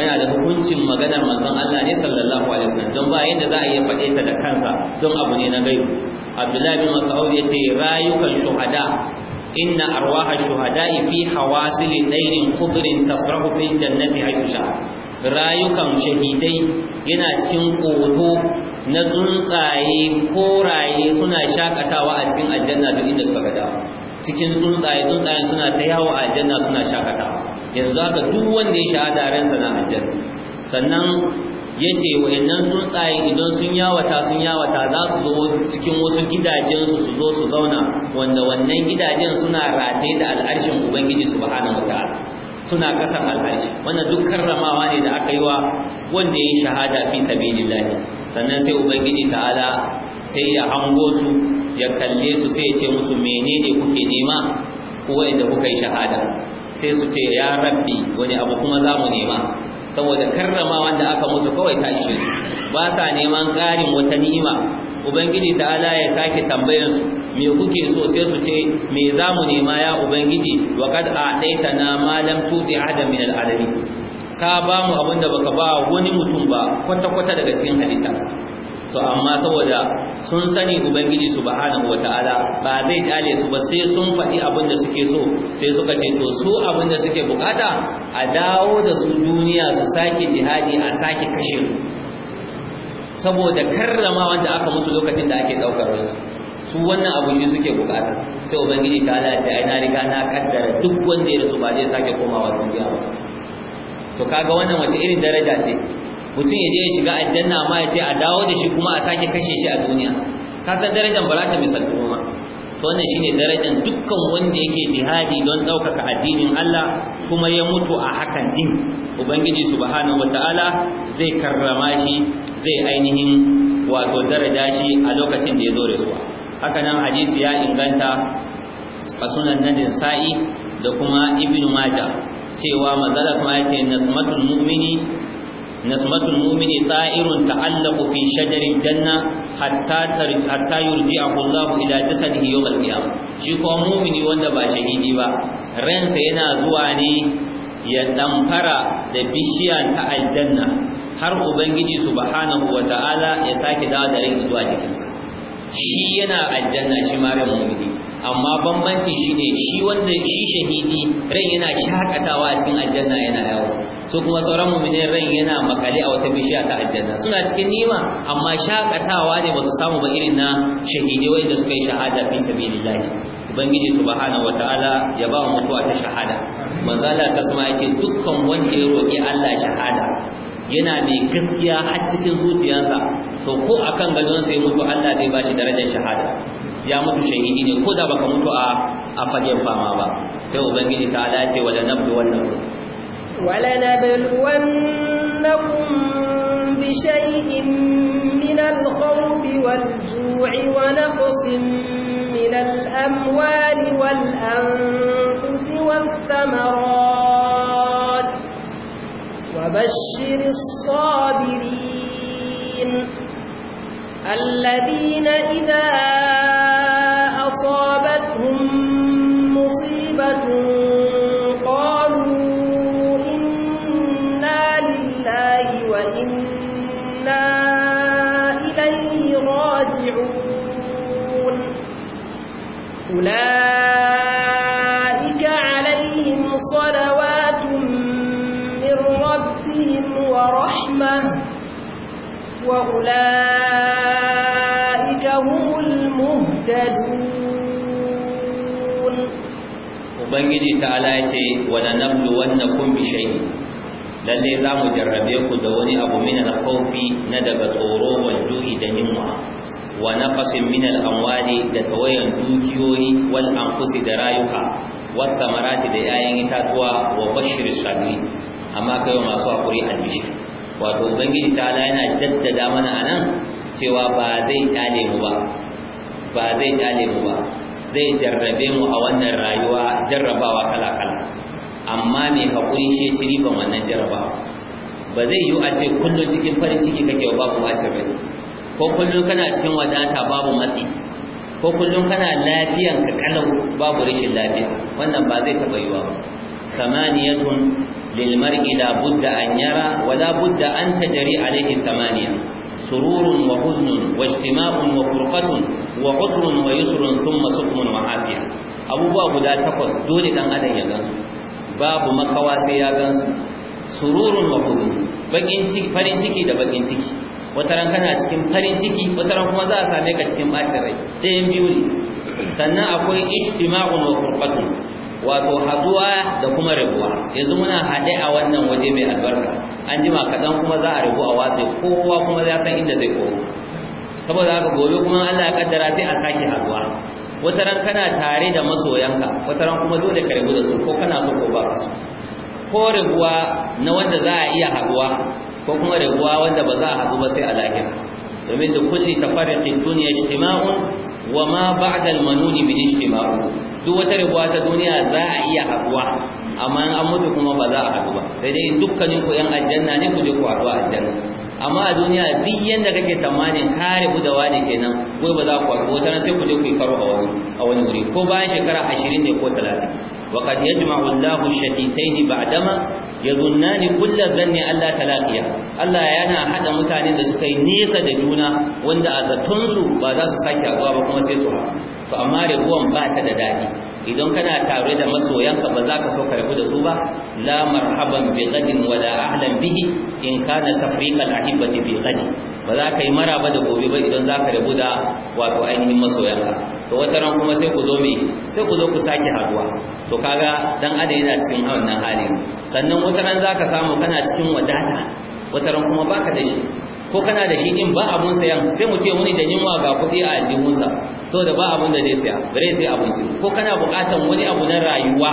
yana da hukuncin maganar manzon Allah ne sallallahu alaihi wasallam don ba yadda za a iya faɗe ta da kansa don abu ne na gaibu abdullahi bin ya ce rayukan shuhada inna arwaha shuhada'i fi hawasili dairin khudrin tasrahu fil jannati haythu rayukan shahidai yana cikin koto na tsuntsaye koraye suna shakatawa a cikin aljanna duk inda suka gada cikin tsuntsaye tsuntsaye suna ta yawo a aljanna suna shakatawa yanzu haka duk wanda ya shahada ransa na aljanna sannan yace wayannan tsuntsaye idan sun yawata sun yawata za su zo cikin wasu gidajen su zo su zauna wanda wannan gidajen suna rataye da al'arshin ubangiji subhanahu wataala suna kasan al'arshi wannan duk karramawa ne da aka yi wa wanda ya yi shahada fi sabilillah sannan sai ubangiji ta'ala sai ya hango su ya kalle su sai ya ce musu menene kuke nema ko wanda kuka yi shahada sai su ce ya rabbi wani abu kuma za mu nema saboda karrama wanda aka musu kawai ta ishe ba sa neman karin wata ni'ima ubangiji ta'ala ya sake tambayar su me kuke so sai su ce me za mu nema ya ubangiji wa qad na malam tu tuti adam min al-alamin ka ba mu abinda baka ba wani mutum ba kwata kwata daga cikin halitta to amma saboda sun sani ubangiji subhanahu wataala ba zai dale su ba sai sun faɗi abin da suke so sai suka ce to su abin da suke bukata a dawo da su duniya su sake jihadi a sake kashe su. saboda karrama wanda aka musu lokacin da ake daukar su su wannan abu shi suke bukata sai ubangiji ta Allah ya ina riga na kaddara duk wanda ya rasu ba zai sake komawa duniya ba to kaga wannan wace irin daraja ce mutum ya je ya shiga aljanna amma ya ce a dawo da shi kuma a sake kashe shi a duniya ka san darajar ba za ta misaltu ba to wannan shine darajar dukkan wanda yake jihadi don ɗaukaka addinin Allah kuma ya mutu a hakan din ubangiji subhanahu wataala zai karrama shi zai ainihin wato daraja shi a lokacin da ya zo rasuwa haka nan hadisi ya inganta a sunan nadin sa'i da kuma ibnu majah cewa manzala sama ya ce nasmatul mu'mini nasmatul mu'mini ta'irun ta'allaqu fi shajaril janna hatta yurji hatta yurji'ahu Allah ila jasadihi yawm al-qiyamah shi ko mu'mini wanda ba shahidi ba ransa yana zuwa ne ya damfara da bishiyar ta aljanna har ubangiji subhanahu wata'ala ya sake dawo da rai zuwa jikinsa shi yana aljanna shi ma ran mu'mini amma bambanci shine shi wanda shi shahidi ran yana shakatawa a cikin aljanna yana yawo so kuma sauran mu'minin ran yana makale a wata bishiya ta aljanna suna cikin nima amma shakatawa ne basu samu ba irin na shahidi wanda suka yi shahada fi sabilillah ubangiji subhanahu wataala ya ba mu mutuwa ta shahada manzo Allah sasma yace dukkan wanda ya roki Allah shahada yana mai gaskiya har cikin zuciyarsa to ko akan gadon sai mutu Allah zai bashi darajar shahada ya mutu shahidi ne ko da baka mutu a a fagen fama ba sai ubangiji ta ala ce wala nabdu wannan
wala nabdu wannakum bi shay'in min al-khawf wal-ju'i wa naqsin min al-amwali wal-anfusi wath-thamarat وبشر الصابرين الذين إذا أصابتهم مصيبة قالوا إنا لله وإنا إليه راجعون أولئك وأولئك هم المهتدون
وبنجي تعالى kun بشيء Lallai za mu jarrabe ku da wani abu min al-khawfi na daga tsoro wal ju'i da yunwa wa naqasin min al-amwali da tawayan dukiyoyi wal anfusi da rayuka wa samarati da 'ya'yan itatuwa wa bashir sabiri amma kai masu a albishir wato ubangiji ta'ala yana jaddada mana anan cewa ba zai kyale mu ba ba zai kyale mu ba zai jarrabe mu a wannan rayuwa jarrabawa kala kala amma me hakuri shi ci riban wannan jarrabawa ba zai yi a ce kullum cikin farin ciki kake wa babu wace rai ko kullum kana cikin wadata babu matsi ko kullum kana lafiyan ka kalau babu rashin lafiya wannan ba zai taba yiwa ba samaniyatun lil mar'i la budda an yara wa la budda an tajri alayhi thamaniya sururun wa huznun wa ijtima'un wa furqatun wa usrun wa yusrun thumma sukmun wa afiya abubuwa guda takwas dole dan adam ya gansu babu makawa sai ya gansu sururun wa farin ciki da bakin ciki wataran kana cikin farin ciki wataran kuma za a same ka cikin bacin rai ɗayan biyu ne sannan akwai ijtima'un wa furqatun wato haduwa da kuma rabuwa yanzu muna haɗe a wannan waje mai albarka an jima kaɗan kuma za a rabu a watsa kowa kuma ya san inda zai koma saboda haka gobe kuma Allah ya kaddara sai a sake haduwa wata ran kana tare da masoyanka wata ran kuma dole ka rabu da su ko kana so ko ba ka so ko rabuwa na wanda za a iya haduwa ko kuma rabuwa wanda ba za a haɗu ba sai a lahira domin da kulli tafarriqin dunya ijtima'un wa ma ba'da al-manuni min ijtima'un duk wata rabuwa ta duniya za a iya haɗuwa amma in an mutu kuma ba za a haɗu ba sai dai dukkanin ku yan aljanna ne ku je ku haɗu aljanna amma a duniya duk yanda kake tsammanin kare rabu da wani kenan ko ba za ku haɗu wata sai ku je ku yi karo a wani a wani wuri ko bayan shekara ashirin ne ko talatin وقد يجمع الله الشتيتين بعدما يظنان كل ظن Allah تلاقيا الله yana hada mutane da suka yi nesa da juna wanda a zaton su ba za su sake haɗuwa ba kuma sai su to amma rabuwan ba ta da daɗi idan kana tare da masoyanka ba za ka so ka rabu da su ba la marhaban bi ghadin wa la ahlan bihi in kana tafriqan ahibati fi ghadin ba za ka yi maraba da gobe ba idan za ka rabu da wato ainihin masoyanka to wata ran kuma sai ku zo me sai ku zo ku sake haduwa to kaga dan adam yana cikin wannan hali sannan wata ran za ka samu kana cikin wadata wata ran kuma baka da shi ko kana da shi in ba abun sayan sai mu ce wani da yunwa ga kuɗi a aljihunsa saboda ba abun da zai saya bare sai abinci ko kana bukatan wani abu na rayuwa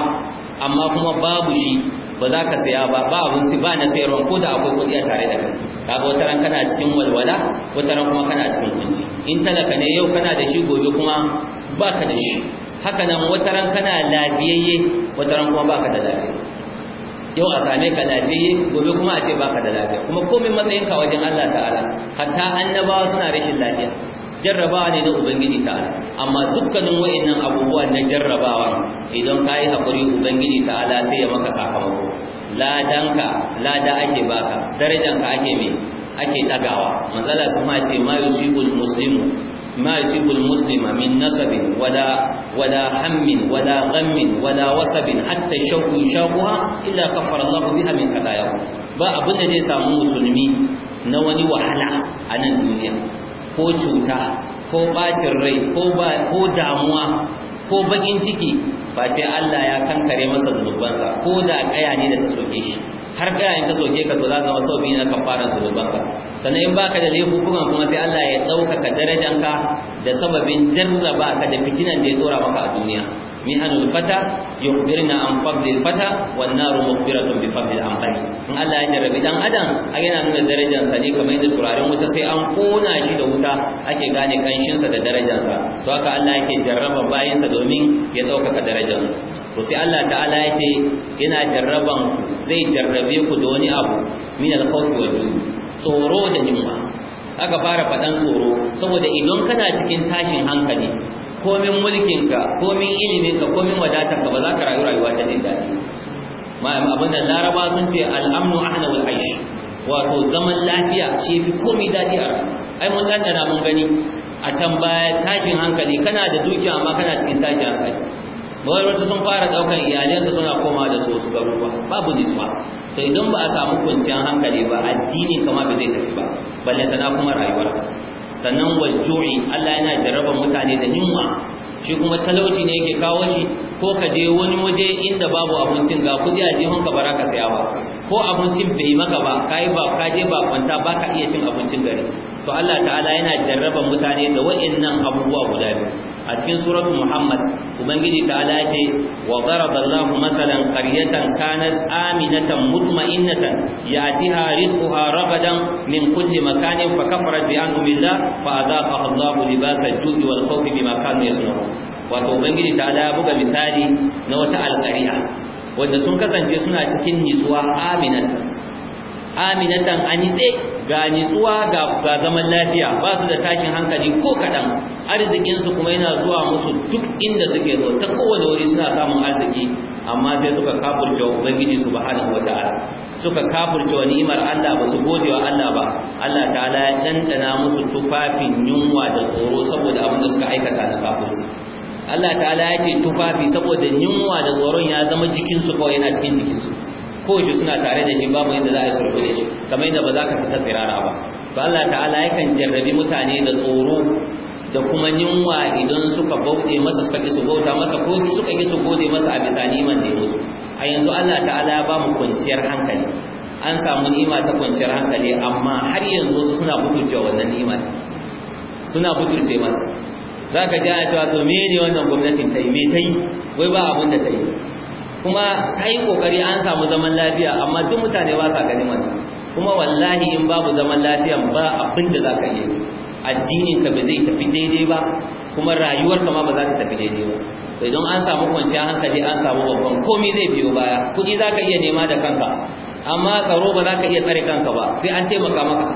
amma kuma babu shi ba za ka saya ba ba abun su ba na sayarwa ko da akwai kuɗi a tare da kai kaga wata ran kana cikin walwala wata ran kuma kana cikin kunci in talaka ne yau kana da shi gobe kuma baka da shi haka nan wata ran kana lafiyayye wata ran kuma baka da lafiya yau a same ka lafiyayye gobe kuma a ce baka da lafiya kuma komai ka wajen Allah ta'ala hatta annabawa suna rashin lafiya jarrabawa ne na ubangiji ta'ala amma dukkanin wayannan abubuwa na jarrabawa idan ka yi haƙuri ubangiji ta'ala sai ya maka sakamako ladanka lada ake baka darajanka ake me ake matsala su ma ce ma yusibul muslimu ما يصيب المسلم من نسب ولا ولا هم ولا غم ولا وسب حتى الشوك يشاقها إلا كفر الله بها من خطاياه ba abin da zai samu musulmi na wani wahala a nan duniya ko cuta ko bacin rai ko damuwa ko bakin ciki ba sai Allah ya kankare masa zunubansa ko da kaya ne da ta soke shi har yin ka soke ka to za zama sau biyu na zuluban ka sannan in baka da laifukan kuma sai Allah ya ɗaukaka darajanka da sababin jarraba ka da fitinan da ya dora maka a duniya anul fata yukhbirna an fadlil fata wan naru mukhbiratun bi fadlil amali in Allah ya jarrabi dan adam ai yana nuna darajar sa ne kamar yadda turaren wuta sai an kona shi da wuta ake gane kanshin sa da darajar sa to haka Allah yake jarraba bayin sa domin ya ɗaukaka darajar sa to sai Allah ta'ala ya ce yana jarraban ku zai jarrabe ku da wani abu min al-khawfi wal tsoro da himma aka fara faɗan tsoro saboda idan kana cikin tashin hankali komin ka komin iliminka komin wadatarka ba za ka rayu rayuwa ta jin daɗi abin da laraba sun ce al-amnu ahna wal aish wato zaman lafiya shi fi komai dadi a ai mun da mun gani a can baya tashin hankali kana da dukiya amma kana cikin tashin hankali bayan wasu sun fara daukan iyalinsu suna koma da su su garuruwa babu nisma. to idan ba a samu kwanciyar hankali ba addini kama ba zai tafi ba balle tana kuma rayuwar sannan walju'i Allah yana jarraba mutane da yunwa shi kuma talauci ne yake kawo shi ko ka je wani waje inda babu abincin ga kudi a jihun ka bara ka saya ba ko abincin bai maka ba kai ba ka je ba kwanta ba ka iya cin abincin gari to Allah ta'ala yana jarraba mutane da wa'annan abubuwa guda biyu a cikin suratul muhammad ubangiji ta ala ce wa daraba allahu masalan qaryatan kanat aminatan mutma'innatan ya'tiha rizquha ragadan min kulli makanin fa kafarat bi anhumillah fa adaqaha allahu libasa al-ju'i wal khawfi bima kanu yasna'un wato ubangiji ta ala buga misali na wata alqariya wanda sun kasance suna cikin nitsuwa aminatan aminatan anitse ga nitsuwa ga zaman lafiya ba su da tashin hankali ko kaɗan arzikinsu kuma yana zuwa musu duk inda suke zo ta kowane wuri suna samun arziki amma sai suka kafurce wa ubangiji subhanahu wata'ala suka kafurce wa ni'imar Allah ba su gode wa Allah ba Allah ta'ala ya dandana musu tufafin yunwa da tsoro saboda abin da suka aikata na kafurci Allah ta'ala ya ce tufafi saboda yunwa da tsoron ya zama jikinsu kawai yana cikin jikinsu kowace suna tare da shi ba mu yadda za a yi sulhu da shi kamar yadda ba za ka fita tsirara ba to Allah ta'ala yakan jarrabi mutane da tsoro da kuma yunwa idan suka bauɗe masa suka ki su bauta masa ko suka ki su gode masa a bisa niman da musu a yanzu Allah ta'ala ya ba mu kwanciyar hankali an samu ni'ima ta kwanciyar hankali amma har yanzu suna butulce wannan ni'ima suna butulce mata za ka ji a cewa to me ne wannan gwamnatin ta yi me ta yi wai ba abin da ta yi kuma ta yi kokari an samu zaman lafiya amma duk mutane ba sa gani kuma wallahi in babu zaman lafiya ba abin da ka yi addinin ka ba zai tafi daidai ba kuma rayuwar ka ma ba za ta tafi daidai ba to idan an samu kwanciyar hankali an samu babban komai zai biyo baya kuɗi ka iya nema da kanka amma tsaro ba za ka iya tsare kanka ba sai an taimaka maka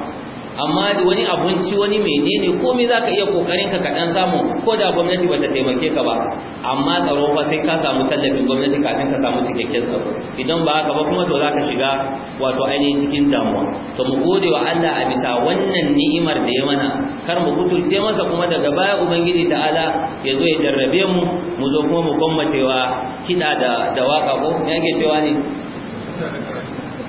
amma wani abinci wani menene komai zaka iya kokarin ka kadan samu ko da gwamnati bata taimake ka ba amma tsaro fa sai ka samu tallafin gwamnati kafin ka samu cikakken tsaro idan ba haka ba kuma to zaka shiga wato ainihin cikin damuwa to mu gode wa Allah a bisa wannan ni'imar da ya mana kar mu kutulce masa kuma daga baya ubangiji da ala ya zo ya jarrabe mu mu zo kuma mu cewa kida da da waka ko me yake cewa ne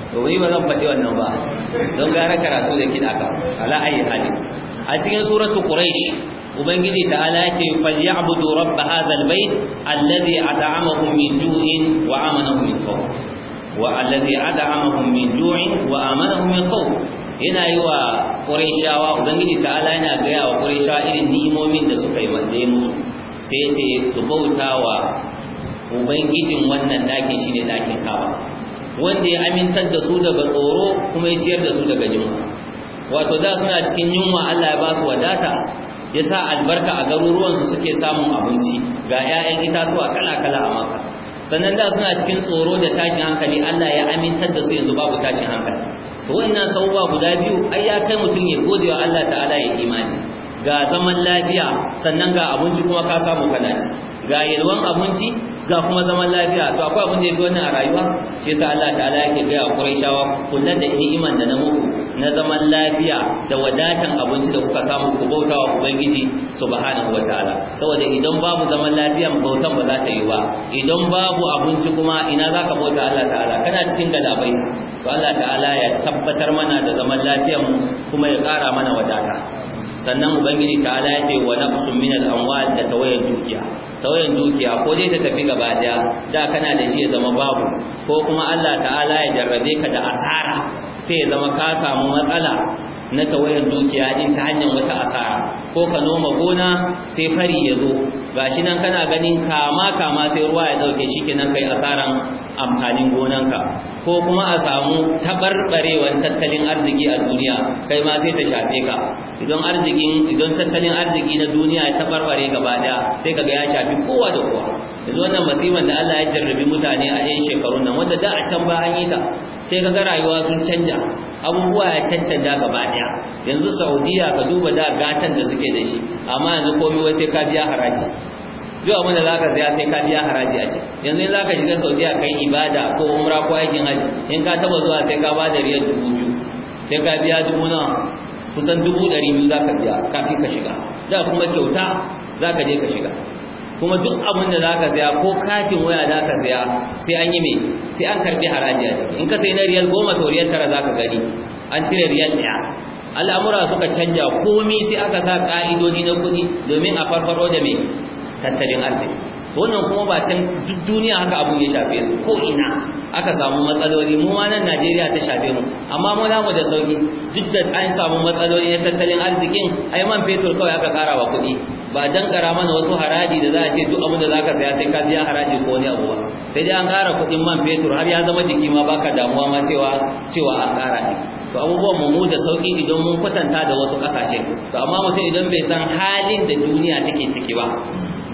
to ni ba zan faɗi wannan ba don gara karatu da kiɗa ka ala ayi hali a cikin suratul quraish ubangiji ta'ala yake falyabudu rabb hadha albayt alladhi at'amahum min ju'in wa amanahum min khawf wa alladhi at'amahum min ju'in wa amanahum min khawf yana yi wa Qurayshawa, ubangiji ta'ala yana ga yawa Qurayshawa irin ni'imomin da suka yi wanda musu sai ya ce su bautawa ubangijin wannan dakin shine dakin kawa wanda ya amintar da su daga tsoro kuma ya ciyar da su daga jinsu wato da suna cikin yunwa Allah ya ba su wadata ya sa albarka a garuruwansu suke samun abinci ga 'ya'yan itatuwa kala-kala a maka sannan da suna cikin tsoro da tashin hankali Allah ya amintar da su yanzu babu tashin hankali to na sauwa guda biyu ai ya kai mutum ya gode wa Allah ta'ala ya imani ga zaman lafiya sannan ga abinci kuma ka samu kana ga yalwan abinci ga kuma zaman lafiya to akwai abin da yake wannan a rayuwa shi yasa Allah ta'ala yake ga Qurayshawa kullun da ni'iman da na muku na zaman lafiya da wadatan abinci da kuka samu ku bautawa ubangiji subhanahu ta'ala saboda idan babu zaman lafiya bautan ba za ta yi ba idan babu abinci kuma ina za ka bauta Allah ta'ala kana cikin galabai to Allah ta'ala ya tabbatar mana da zaman lafiyar mu kuma ya kara mana wadata sannan ubangiji ta ala ce wa nafsu min al-amwal da tawayan dukiya tawayan dukiya ko dai ta tafi gaba daya da kana da shi ya zama babu ko kuma Allah ta'ala ya jarrabe ka da asara sai ya zama ka samu matsala na tawayan dukiya din ta hanyar wata asara ko ka noma gona sai fari ya zo gashi nan kana ganin kama kama sai ruwa ya dauke shi kenan kai asaran amfanin gonanka ko kuma a samu tabarbarewar tattalin arziki a duniya kai ma sai ta shafe ka idan arzikin idan tattalin arziki na duniya ya tabarbare gaba daya sai kaga ya shafi kowa da kowa yanzu wannan masifan da Allah ya jarrabi mutane a yan shekarun nan wanda da a can ba an yi ta sai ga rayuwa sun canja abubuwa ya cancanta gaba daya yanzu Saudiya ka duba da gatan da suke da shi amma yanzu komai wai sai ka biya haraji duk abin da za ka saya sai ka biya haraji a ce yanzu in za ka shiga saudiya kai ibada ko umra ko aikin hajji in ka taba zuwa sai ka bada riyar dubu biyu sai ka biya dubu na kusan dubu ɗari biyu za ka biya kafin ka shiga da kuma kyauta za ka je ka shiga kuma duk abin da zaka saya ko katin waya zaka saya sai an yi me sai an karbi haraji a ciki in ka sai na riyal goma to riyal tara zaka gani an cire riyal ɗaya al'amura suka canja komi sai aka sa ka'idodi na kuɗi domin a farfaro da me tattalin arziki wannan kuma ba can duk duniya haka abun ya shafe su ko ina aka samu matsaloli mu ma nan Najeriya ta shafe mu amma mu namu da sauki duk da an samu matsaloli na tattalin arzikin ai man fetur kawai aka kara wa kuɗi ba dan kara mana wasu haraji da za a ce duk abin da zaka saya sai ka biya haraji ko wani abu ba sai dai an kara kuɗin man fetur har ya zama jiki ma baka damuwa ma cewa cewa an kara ne to abubuwan mu da sauki idan mun kwatanta da wasu kasashe to amma mutum idan bai san halin da duniya take ciki ba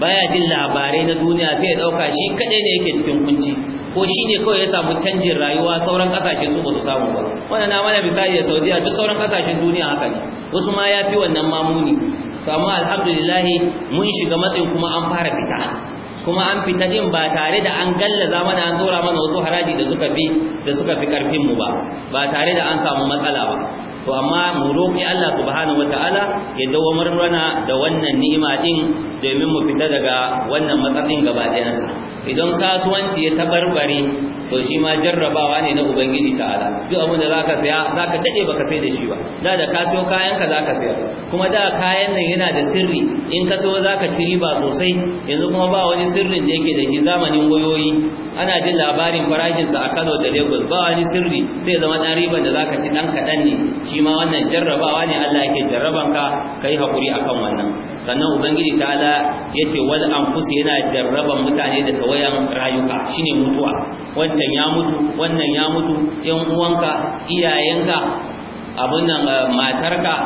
baya jin labarai na duniya sai ya dauka shi kadai ne yake cikin kunci ko shi ne kawai ya samu canjin rayuwa sauran kasashen su ba su samu ba wannan na mana misali da Saudiya duk sauran kasashen duniya haka ne wasu ma yafi wannan mamuni to amma alhamdulillah mun shiga matsayin kuma an fara fita kuma an fita din ba tare da an gallaza mana an dora mana wasu haraji da suka fi da suka fi karfin mu ba ba tare da an samu matsala ba to amma mu roƙi Allah subhanahu wataala ya dawamar rana da wannan ni'ima din domin mu fita daga wannan matsalin gaba ɗayansa idan kasuwanci ya tabarbare to shi ma jarrabawa ne na ubangiji ta'ala duk abin da zaka saya zaka dade baka sai da shi ba da da ka kayan ka zaka saya kuma da kayan nan yana da sirri in ka zaka ci riba sosai yanzu kuma ba wani sirrin da yake da shi zamanin wayoyi ana jin labarin farashin sa a Kano da Lagos ba wani sirri sai zama dan riba da zaka ci dan kadan ne shi ma wannan jarrabawa ne Allah yake jarraban ka kai hakuri akan wannan sannan ubangiji ta'ala yace wal anfus yana jarraban mutane da wayan rayuka shine mutuwa wancan ya mutu wannan ya mutu yan uwanka iyayenka abin nan eh, matarka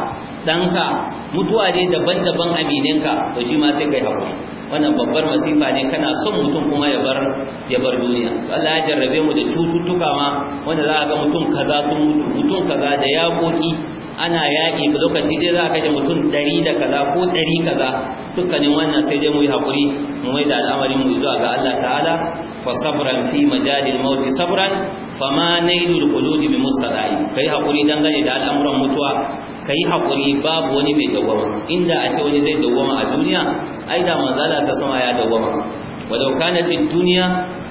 ɗanka mutuwa ne daban-daban abininka, to shi ma sai kai hakuri wannan babbar masifa ne kana son mutum kuma ya bar ya bar duniya Allah ya jarrabe mu da cututtuka ma wanda za ga mutum kaza sun mutu mutum kaza da yaƙoƙi ana yaƙi lokaci dai za ka ji mutum ɗari da kaza ko ɗari kaza dukkanin wannan sai dai mu yi hakuri mu mai da al'amarin mu zuwa ga Allah ta'ala فصبرا في مجال الموت صبرا فما نيل القلوب بمستدعي كاي حقوري dangane da al'amuran mutuwa kai hakuri babu wani mai dawwama inda a ce wani zai dawwama a duniya ai da manzala sa sama ya dawwama walau na ad duniya.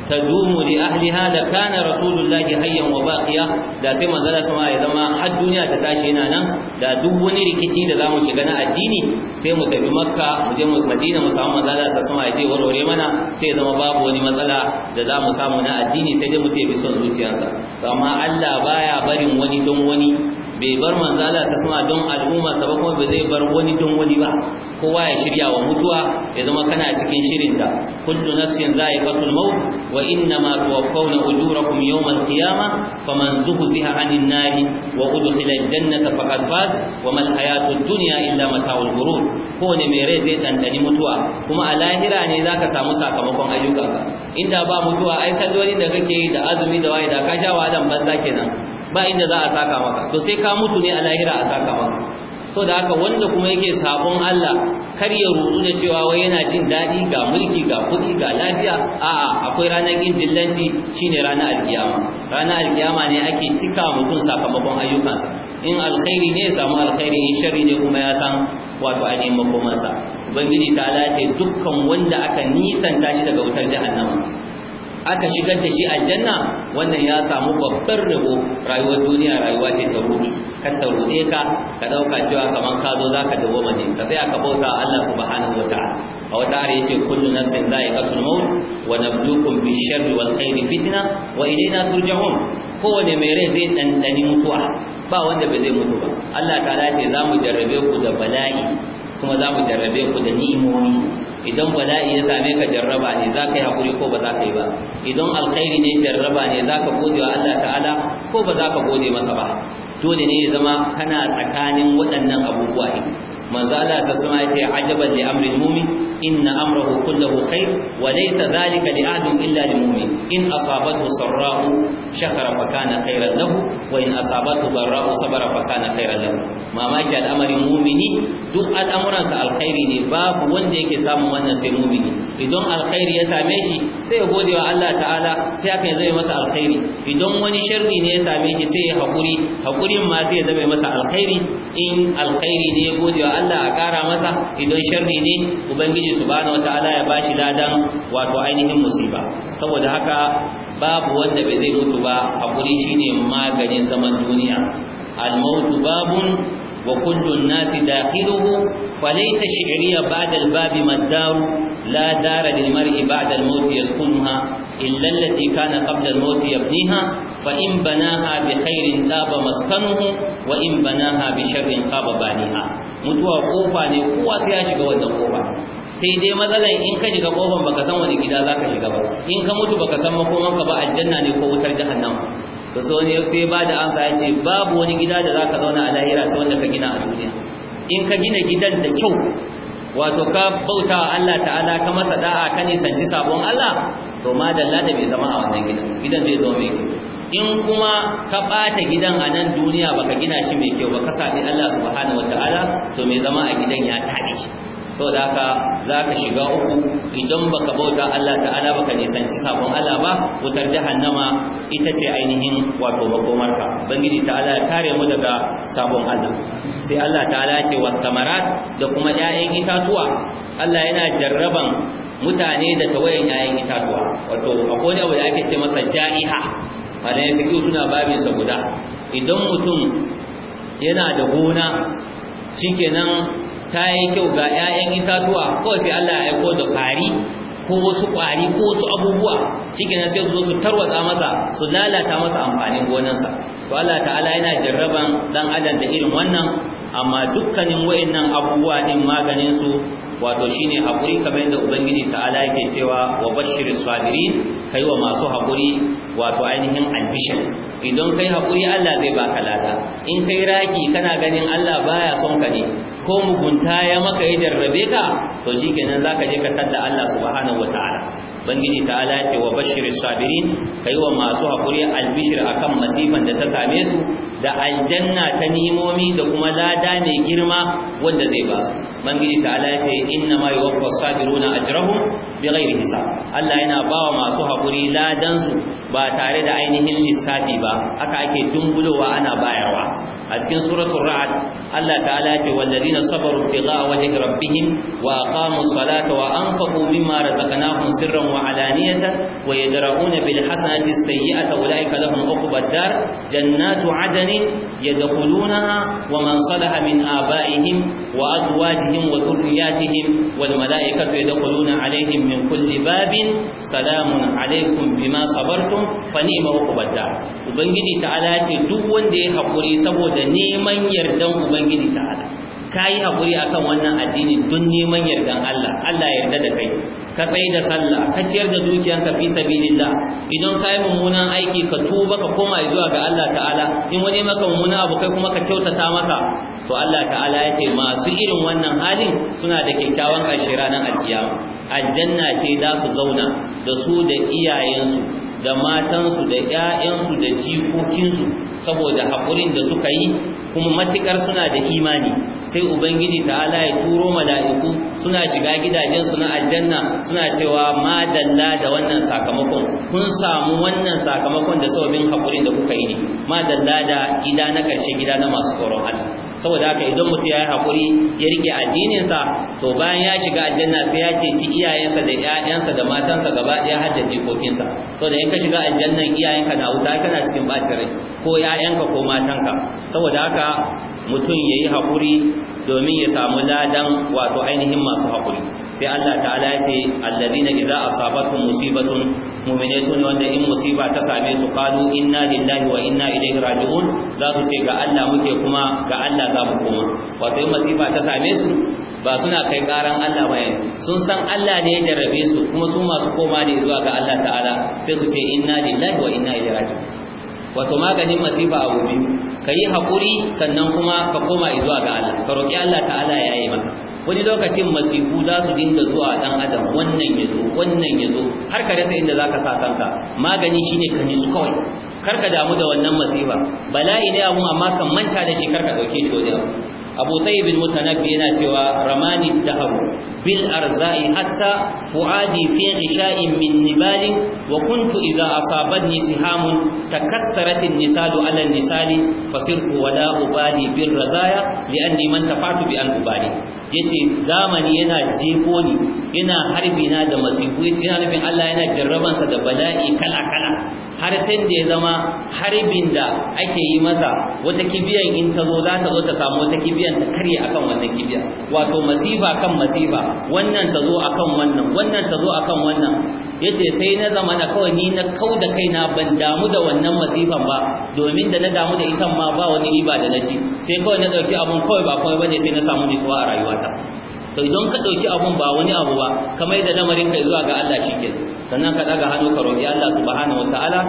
tadumu li ahliha la kana rasulullahi hayyan wa baqiya da sai manzala sama ya zama har duniya ta tashi yana nan da duk wani rikici da zamu shiga na addini sai mu tafi makka mu je mu madina mu samu manzala sama ya je warware mana sai zama babu wani matsala da za mu samu na addini sai dai mu ce bi son zuciyarsa to amma Allah baya barin wani don wani bai bar manzala ta suna don al'umma sa kuma bai zai bar wani don wani ba kowa ya shirya wa mutuwa ya zama kana cikin shirin da kullu nafsin za'iqatul maut wa inna ma tuwaffawna ujurakum yawmal qiyamah faman zuhziha 'anil nari wa udkhila al-jannata faqad faz wa mal hayatud dunya illa mata'ul ghurur ko ne mai rai zai dandani mutuwa kuma a lahira ne zaka samu sakamakon ayyukanka inda ba mutuwa ai sallolin da kake yi da azumi da wai da ka sha wa dan banza kenan ba inda za a saka maka to sai ka mutu ne a lahira a saka maka so da haka wanda kuma yake sabon Allah kar ya rudu da cewa wai yana jin daɗi ga mulki ga kuɗi ga lafiya a'a akwai ranar yin dillanci shine ranar alkiyama ranar alkiyama ne ake cika mutum sakamakon ayyukansa in alkhairi ne ya samu alkhairi in sharri ne kuma ya san wato a neman komansa ubangiji ta ce dukkan wanda aka nisan shi daga wutar jahannama aka shigar da shi aljanna wannan ya samu babbar rabo rayuwar duniya rayuwa ce ta ruɗi kan ta ka ka ɗauka cewa kamar ka zo za ka dawo mane ka tsaya ka bauta Allah subhanahu wata'ala a wata har yace kullu nafsin za'iqatul maut wa nabluukum bish-sharri wal khairi fitna wa ilayna turja'un kowane mai rai zai ɗanɗani mutuwa ba wanda bai zai mutu ba Allah ta'ala ce za mu jarrabe ku da bala'i kuma za mu jarrabe ku da ni'imomi idan bala'i ya same ka jarraba ne za ka yi hakuri ko ba za ka yi ba idan alkhairi ne jarraba ne za ka gode wa Allah ta'ala ko ba za ka gode masa ba dole ne ya zama kana tsakanin waɗannan abubuwa ne manzo Allah sassama ya ce ajaban li amrin mu'min إن أمره كله خير وليس ذلك لأحد إلا للمؤمن إن أصابته سراء شكر فكان خيرا له وإن أصابته ضراء صبر فكان خيرا له ما ماشي الأمر المؤمن دق الأمر الخير باب wanda yake samu wannan sai mumini idan alkhairi ya same shi sai ya gode wa Allah ta'ala sai hakan ya zama masa alkhairi idan wani sharri ne ya same shi sai ya hakuri hakurin ma sai ya zama masa alkhairi in alkhairi ne ya gode wa Allah a kara masa idan sharri ne ubangiji ubangiji subhanahu wataala ya bashi ladan wato ainihin musiba saboda haka babu wanda bai zai mutu ba hakuri shine maganin zaman duniya al-maut babun wa kullu nasi dakhiluhu falaysa shi'riya ba'da babi madaru la dara lil-mar'i ba'da al-maut yaskunuha illa allati kana qabla al yabniha fa in banaha bi khairin taba maskanuhu wa in banaha bi sharrin khaba baniha mutuwa kofa ne kowa sai ya shiga wannan kofa sai dai matsalar in ka shiga kofar baka san wani gida za ka shiga ba in ka mutu baka san makoman ka ba aljanna ne ko wutar jahannama to so ne sai ba da ansa ya ce babu wani gida da za ka zauna a lahira sai wanda ka gina a duniya in ka gina gidan da kyau wato ka bauta wa Allah ta'ala ka masa da'a ka nisanci sabon Allah to ma Allah da bai zama a wannan gidan gidan zai zama mai kyau in kuma ka bata gidan a nan duniya baka gina shi mai kyau ba ka sabi Allah subhanahu wataala to mai zama a gidan ya tabe shi da haka ka shiga uku idan baka bauta Allah ta'ala baka nisanci sabon Allah ba wutar jahannama ita ce ainihin wato ka bangiji ta'ala ya kare mu daga sabon Allah sai Allah ta'ala ce wa samarat da kuma 'ya'yan itatuwa Allah yana jarraban mutane da tawayan 'ya'yan itatuwa wato akwai abu da ake ce masa ja'iha ya fiqh suna babin sa guda idan mutum yana da gona shikenan ta yi kyau ga 'ya'yan itatuwa ko sai Allah ya aiko da fari ko wasu kwari ko wasu abubuwa cikin sai su zo su tarwatsa masa su lalata masa amfanin gonansa. to Allah ta'ala yana jarraban ɗan adam da irin wannan amma dukkanin wayannan abubuwa din maganinsu, su wato shine hakuri kamar yadda ubangiji ta'ala yake cewa wa bashir sabirin kai wa masu hakuri wato ainihin ambition idan kai hakuri Allah zai baka lada in kai raki kana ganin Allah baya son ka ne ko mugunta ya maka yi darrabe ka to za zaka je ka tadda Allah subhanahu wataala bangiji ta'ala ce wa bashir sabirin yi wa masu hakuri albishir akan masifan da ta same su da aljanna ta nimomi da kuma lada mai girma wanda zai ba su bangiji ta'ala ce inna ma yuwaffa sabiruna ajrahum bighairi hisab Allah yana bawa masu hakuri ladan su ba tare da ainihin lissafi ba haka ake dumbulowa ana bayarwa a cikin suratul ra'ad Allah ta'ala ya ce wallazina sabaru tigaa wajhi rabbihim wa aqamu salata wa anfaqu mimma razaqnahum sirran wa alaniyatan wa yadra'una bil hasanati sayyi'ata ulaika lahum uqbad dar jannatu adnin يدخلونها ومن صلح من آبائهم وأزواجهم وذرياتهم والملائكة يدخلون عليهم من كل باب سلام عليكم بما صبرتم فنعم عقبى الدار ubangiji ta'ala ce duk wanda ya hakuri saboda neman yardan ubangiji ta'ala kai hakuri akan wannan addini don neman yardan Allah Allah ya yarda da kai ka tsaye da sallah ka ciyar da dukiyanka fi sabilillah idan ka yi mummunan aiki ka tuba ka koma zuwa ga Allah ta'ala in wani maka mummunan abu kai kuma ka kyautata masa to Allah ta'ala ya ce masu irin wannan halin suna da kyakkyawan ƙarshe ranar alkiyama aljanna ce za su zauna da su da iyayensu da matansu da ‘ya'yansu da jikokinsu saboda haƙurin da suka yi kuma matuƙar suna da imani sai ubangiji ta'ala ya turo mala'iku suna shiga gidajensu na aljanna suna cewa madalla da wannan sakamakon kun samu wannan sakamakon da sababin haƙurin da kuka yi ne madalla da gida na ƙarshe gida na masu tsoron Allah saboda haka idan mutum ya yi haƙuri ya rike addininsa to bayan ya shiga aljanna sai ya ceci iyayensa da ƴaƴansa da matansa gaba ɗaya har da jikokinsa to da in ka shiga aljanna iyayenka na wuta kana cikin ɓacin rai ko ƴaƴanka ko matanka saboda haka mutum ya yi haƙuri domin ya samu ladan wato ainihin masu hakuri sai Allah ta'ala ya ce allazina idza asabatkum musibatun mu'mine sun ne wanda in musiba ta same su qalu inna lillahi wa inna ilaihi raji'un za su ce ga Allah muke kuma ga Allah za mu koma wato in musiba ta same su ba suna kai karan Allah ba sun san Allah ne ya jarrabe su kuma su masu koma ne zuwa ga Allah ta'ala sai su ce inna lillahi wa inna ilaihi raji'un wato maganin masifa abu biyu ka yi haƙuri sannan kuma ka koma zuwa ga Allah ka roƙi Allah ta'ala ya yi maka wani lokacin masifu za su dinga zuwa dan adam wannan ya zo wannan ya zo har ka rasa inda zaka sa kanka magani shine ka nisu kawai kar ka damu da wannan masifa bala'i ne abu amma kan manta da shi kar ka dauke shi wani abu abu tayyib bin mutanabbi yana cewa ramani dahabu bil arzai hatta fuadi fi ghisha'in min nibalin wa kuntu idza asabatni sihamun takassarat an-nisalu 'ala an-nisali fasirtu wala ubali bir razaya li'anni man tafatu bi an yace zamani yana jefo ni yana harbi na da masifu yana nufin Allah yana jarrabansa da bala'i kala kala har sai da ya zama harbin da ake yi masa wata kibiyan in ta zo za ta zo ta samu wata kibiyan ta karye akan wannan kibiya wato masifa kan masifa wannan ta zo akan wannan wannan ta zo akan wannan yace sai na zama na kawai ni na kau da kaina ban damu da wannan masifan ba domin da na damu da ita ma ba wani riba da na naci sai kawai na dauki abun kawai ba kawai bane sai na samu nutsuwa a rayuwata to idan ka ɗauki abun ba wani abu ba kamar da lamarin kai zuwa ga Allah shikenan sannan ka daga hannu ka roki Allah subhanahu wataala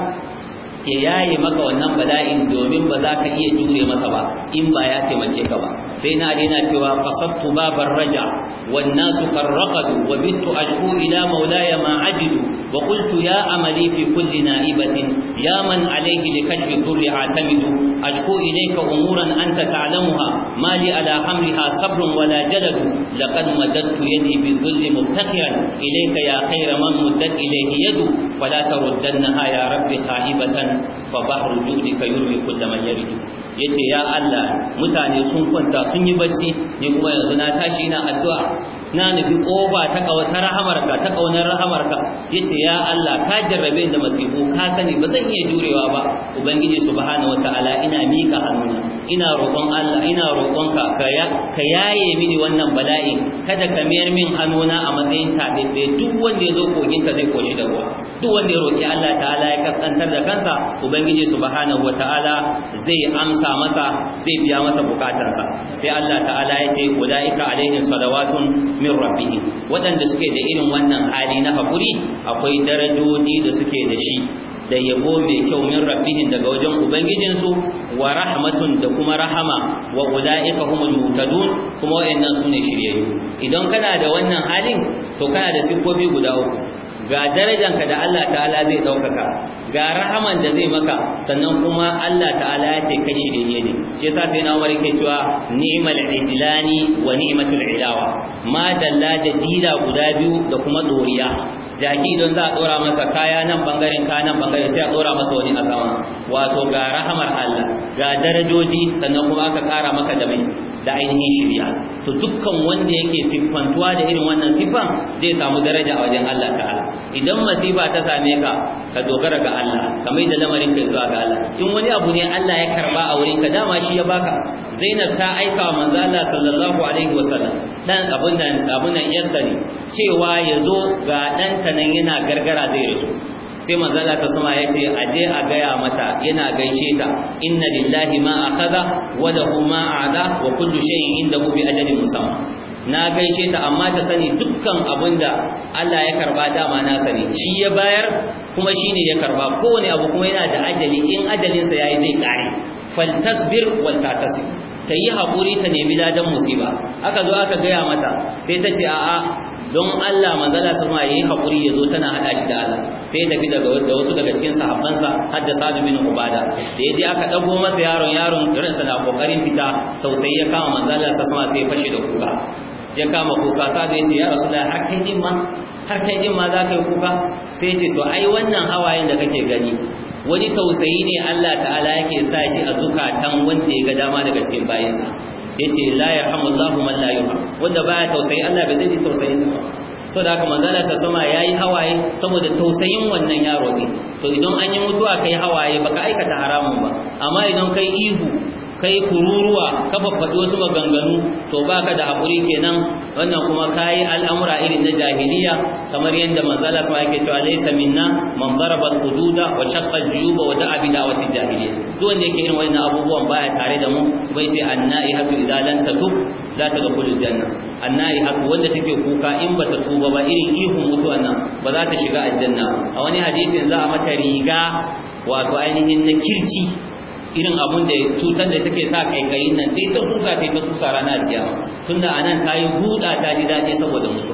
ya yaye maka wannan bala'in domin ba za ka iya jure masa ba in ba ya taimake ka ba sai na dina cewa fasattu babar raja wan nasu karraqadu wa bittu ashku ila maulaya ma ajidu wa qultu ya amali fi kulli na'ibatin ya man alayhi li kashfi dhurri atamidu ashku ilayka umuran anta ta'lamuha ma li ala hamliha sabrun wala jaladu laqad madattu yadi bi dhulli muftakhiran ilayka ya khayra man muddat ilayhi yadu fala taruddannaha ya rabbi kha'ibatan fa bahru ka yurmi kullu man yuridu yace ya Allah mutane sun kwanta sun yi bacci ni kuma yanzu na tashi ina addu'a na nufi kofa ta kawatar rahamarka ta kaunar rahamarka yace ya Allah ka jarrabe da masifu ka sani ba zan iya jurewa ba ubangiji subhanahu wataala ina mika hannuna ina roƙon Allah ina roƙon ka yaye mini wannan bala'i kada ka mayar min hannuna a matsayin tabibbe duk wanda ya zo kogin ka zai koshi da ruwa duk wanda ya roƙi Allah ta'ala ya kaskantar da kansa ubangiji subhanahu Ta'ala zai amsa masa zai biya masa bukatarsa sai Allah ta'ala ya ce ulaika alaihim salawatun min rabbihim wadanda suke da irin wannan hali na hakuri akwai darajoji da suke da shi da yabo mai kyau min rabbihin daga wajen ubangijinsu wa rahmatun da kuma rahama wa ulaika humul mutadun kuma wayannan sune shiryayyu idan kana da wannan halin to kana da sifofi guda uku ga darajanka da Allah ta'ala zai daukaka ga rahaman da zai maka sannan kuma Allah ta'ala ya ce kai shirye ne shi yasa sai na Umar yake cewa ni'mal idlani wa ni'matul ilawa ma dalla da dila guda biyu da kuma doriya jaki don za a dora masa kaya nan bangaren ka nan bangaren sai a dora masa wani a sama wato ga rahamar Allah ga darajoji sannan kuma aka kara maka da mai da ainihin shirya to dukkan wanda yake siffantuwa da irin wannan siffan zai samu daraja a wajen Allah ta'ala idan masifa ta same ka ka dogara ga Allah kamar da lamarin kai zuwa ga Allah in wani abu ne Allah ya karba a wurin ka dama shi ya baka Zainab ta aika wa manzo Allah sallallahu alaihi wasallam dan abun nan abun nan yassani cewa yazo ga dan nan yana gargara zai rasu sai manzala ta suma ya ce a je a gaya mata yana gaishe ta inna lillahi ma kaza wa lahu ma a'da wa kullu shay'in gobe a ajalin musamman. na gaishe ta amma ta sani dukkan da Allah ya karba dama na sani shi ya bayar kuma shine ya karba kowane abu kuma yana da ajali in ajalinsa yayi zai kare faltasbir wal tatasib ta yi hakuri ta nemi ladan musiba aka zo aka gaya mata sai ta ce a'a don Allah manzala su ma yayi hakuri ya zo tana haɗa shi da Allah sai ta tafi daga da wasu daga cikin sahabbansa har da bin Ubada da yaji aka dago masa yaron yaron sa na kokarin fita tausayi ya kama manzala sa sama sai ya fashe da kuka ya kama kuka sai ya ce ya Rasulullah har kai din ma har kai din ma za ka yi kuka sai ya ce to ai wannan hawayen da kake gani wani tausayi ne Allah ta'ala yake sa shi a zukatan wanda ya ga dama daga cikin bayinsa yace la Allahu man la yurham wanda baya tausayi Allah bai zai tausayin sa so da haka manzala sa sama yayi hawaye saboda tausayin wannan yaro ne to idan an yi mutuwa kai hawaye baka aikata haramun ba amma idan kai ihu kai kururuwa ka wasu maganganu to ba ka da haƙuri kenan wannan kuma yi al'amura irin na jahiliya kamar yadda manzala sama yake cewa laysa minna man daraba hududa wa shaqqa juyuba wa da'a bi da'wati jahiliya duk wanda yake irin wannan abubuwan baya tare da mu bai ce annai hatu idza lan tatub ta ga al-janna annai hatu wanda take kuka in ba ta tuba ba irin ihun mutuwa nan ba za ta shiga aljanna a wani hadisin za a mata riga wato ainihin na kirki. irin abun da cutar da take sa kaikayin nan sai ta kuka ta kusa ranar kiyama tunda anan ta yi buɗa ta ji daɗi saboda mutu.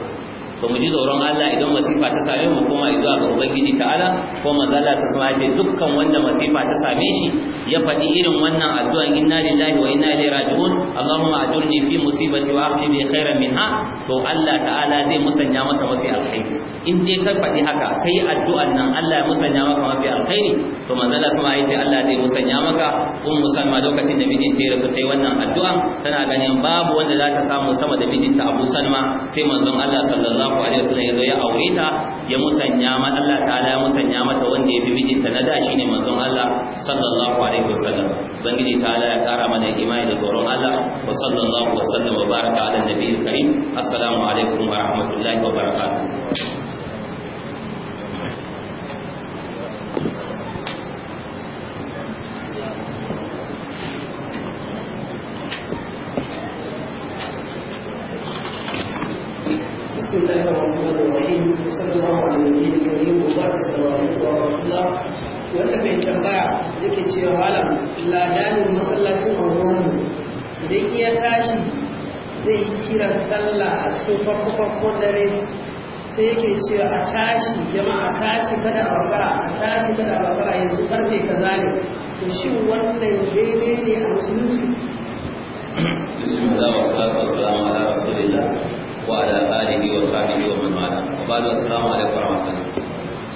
to mu ji tsoron Allah idan masifa ta same mu koma zuwa ga ubangiji ta'ala ko manzo Allah sa ce dukkan wanda masifa ta same shi ya faɗi irin wannan addu'a inna lillahi wa inna ilaihi raji'un Allahumma ajurni fi musibati wa akhli bi khairin minha to Allah ta'ala zai musanya masa mafi alkhairi in dai ka faɗi haka kai addu'an nan Allah ya musanya maka mafi alkhairi to manzo Allah sama ce Allah zai musanya maka kun musalma lokacin da mijin ya rasu sai wannan addu'a tana ganin babu wanda za ta samu sama da mijinta Abu Salma sai manzon Allah sallallahu sallallahu alaihi wasallam yazo ya aure ta ya musanya ma Allah ta'ala ya musanya mata wanda ya fi mijinta na da shine manzon Allah sallallahu alaihi wasallam bangiji ta'ala ya kara mana imani da tsoron Allah wa sallallahu wasallam wa baraka ala nabiyil karim assalamu alaikum wa rahmatullahi wa barakatuh
وصلى الله على النبي الكريم وبارك صلى الله عليه وسلم wanda mai tambaya yake cewa malam ladanin masallacin auren idan iya tashi zai yi kiran sallah a cikin farko-farko dare sai yake cewa a tashi jama'a tashi kada a wakara a tashi kada a wakara yanzu karfe kaza ne to shi wannan daidai ne a musulunci
بسم الله والصلاة والسلام على رسول الله وعلى آله وصحبه ومن bada assalamu alaikum warahmatullahi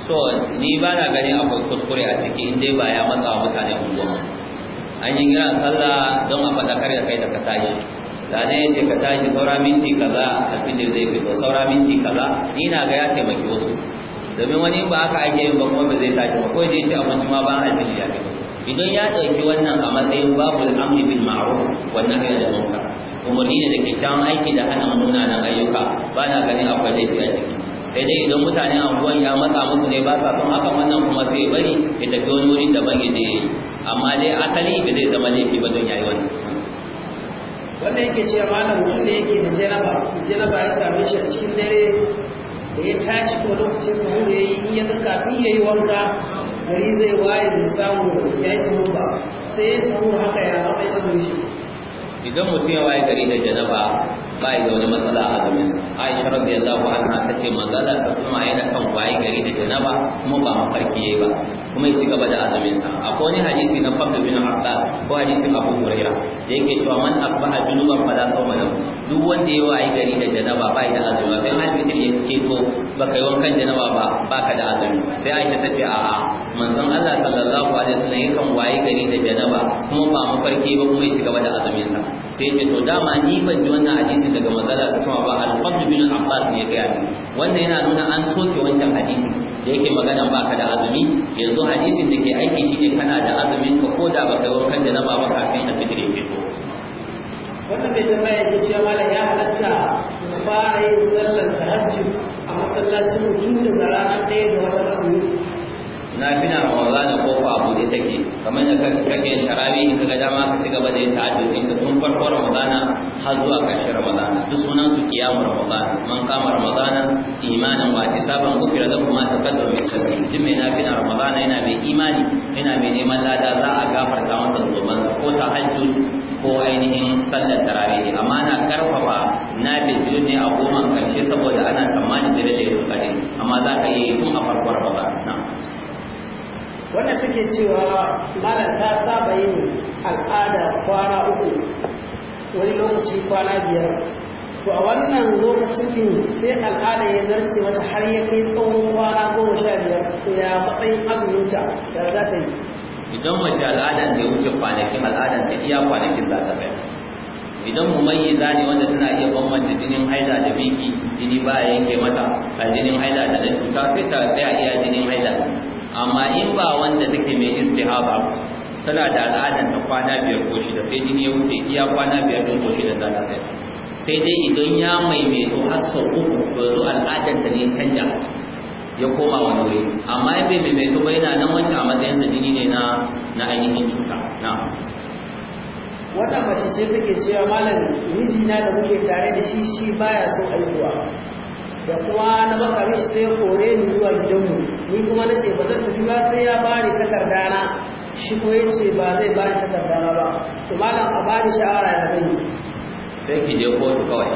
so ni ba na ganin akwai kuskure a ciki in dai ba ya matsa wa mutane unguwa an yi gina sallah don a faɗakar da kai da ka tashi da ne ya ce ka tashi saura minti kaza da zai fito saura minti kaza ni na ga ya taimaki wasu domin wani ba aka ake yin ba kuma ba zai tashi ba kawai zai ce abinci ma ba alfijir ya fito idan ya ɗauki wannan a matsayin babu al'amri bin ma'aru wannan hayar da munkar umarni ne da kyakkyawan aiki da hana munanan ayyuka ba na ganin akwai laifi a ciki sai dai idan mutane anguwan ya matsa musu ne ba sa son haka wannan kuma sai ya bari ya tafi wani wurin daban ya je amma dai asali ba zai zama laifi ba don yayi wannan
wanda yake cewa malam mutum da yake da janaba janaba ya same shi a cikin dare da ya tashi ko lokacin sahur ya yi in ya zaka fi ya yi wanka gari zai waye da samu ya yi samu ba sai ya samu haka ya zama ya azumi shi
idan mutum ya waye gari da janaba bai da wani matsala a gaban sa Aisha radiyallahu anha ta ce manzo Allah sallallahu alaihi yana kan waye gari da janaba kuma ba mafarki yayi ba kuma ya ci gaba da azumin sa akwai wani hadisi na Fadl bin Abbas ko hadisin Abu Huraira da yake cewa man asbaha junuban fala sawma lahu duk wanda ya waye gari da janaba bai da azumi sai har yake ko baka yi wankan janaba ba baka da azumi sai Aisha ta ce a'a da suna yakan waye gari da janaba kuma ba mafarki ba kuma ya ci gaba da azumin sa sai ce to dama ni ban ji wannan hadisi daga manzala su sama ba al-fadl bin abbas ne ya ni wannan yana nuna an soke wancan hadisi da yake magana ba ka da azumi yanzu hadisin da ke aiki shine kana da azumin ka ko da ka kan da nama ba kafin a fitri ke fito
wannan bai zama ya ce cewa malam ya halatta fara yin sallar tahajjud a masallacin mutum da ranar ɗaya da wata azumi
na fina ramadana ko ko abu da take kamar da kake sharabi in kaga dama ka ci gaba da yin ta'addud da tun farko ramadana har zuwa ƙarshen ramadana duk sunan su kiyamu ramadana man kama ramadana imanan wa ci saban kira da kuma takaddum mai sabbi duk mai na fina ramadana yana mai imani yana mai neman lada za a gafarta masa zuban ko ta hajju ko ainihin sallar tarawih amma na karfafa na bidiyo ne a goma karshe saboda ana tsammanin da rage amma za ka iya yi tun a farko ramadana
wanda take cewa malam ta saba yin al'ada kwana uku wani lokaci kwana biyar to a wannan lokacin din sai al'ada ya zarce mata har ya kai tsawon kwana goma sha biyar to ya matsayin azuminta da za ta yi
idan mace al'adan ta wuce kwanakin al'adan ta iya kwanakin za ta kai idan mumayyiza ne wanda tana iya bambance jinin haida da biki jini ba yanke mata a jinin haida da na cuta sai ta tsaya iya jinin haida amma in ba wanda take mai istihaba tana da al'adar da kwana biyar ko shida sai jini ya wuce iya kwana biyar din ko shida za ta kai sai dai idan ya maimaito har sau uku ko yanzu al'adar da ne canja ya koma wani wuri amma in bai maimaito ba yana nan wancan a sa jini ne na na ainihin cuta na
wata mace ce take cewa malam miji na da muke tare da shi shi baya so haihuwa da kuma na makarin sai kore ni zuwa gidanmu ni kuma na ce ba zan tafi ba sai ya bani takardana shi ko ya ce ba zai bani takardana ba to malam a bani shawara ya bani
sai ki je kotu kawai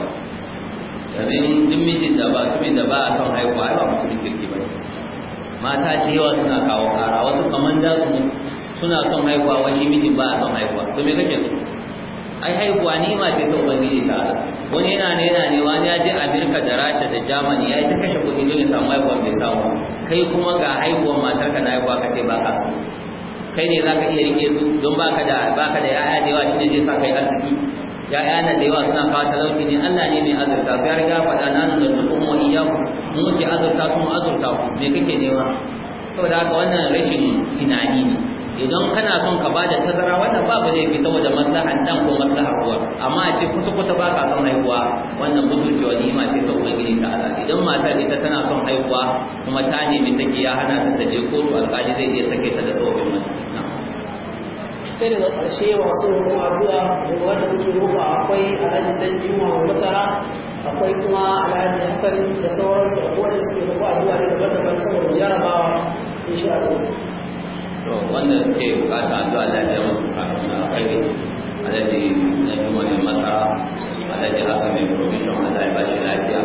domin duk mijin da ba kuma da ba a son haihuwa ai ba mutumin kirki ba mata ce yawa suna kawo kara wasu kaman da su suna son haihuwa wani mijin ba a son haihuwa to me kake so ai haihuwa ni ma sai ta ubangiji ta Allah wani yana ne yana ne wani ya je Amerika da Rasha da Germany ya yi ta kashe kuɗi don samu haihuwa bai samu kai kuma ga haihuwar matarka na haihuwa kace ba ka so kai ne za ka iya rike su don ka da da ya'ya da yawa shine zai sa kai arziki ya'ya na da yawa suna kawo talauci ne Allah ne mai azurta su ya riga faɗa na nuna da kuma iyaku mu ke azurta su mu azurta ku me kake nema saboda haka wannan rashin tunani ne idan kana son ka bada tazara wannan babu zai fi saboda maslahan dan ko maslahar uwa amma a ce kuta kuta ba ka son haihuwa wannan mutunci wa ni'ima ce ta ubangiji ta ala idan matar ita tana son haihuwa kuma ta nemi saki ya hana ta je kotu alƙali zai iya sake ta da sababin mata
sai da ƙarshe masu roƙon addu'a wanda muke roƙa akwai alhaji dan juma wa masara akwai kuma alhaji hassan da sauransu akwai wanda suke roƙo addu'a ne daban-daban saboda jarabawa insha Allah
to wanda suke bukata zuwa lafiyar ya musu a su alkhairi alaji na juma ne masara alaji asa mai provision Allah ya bashi lafiya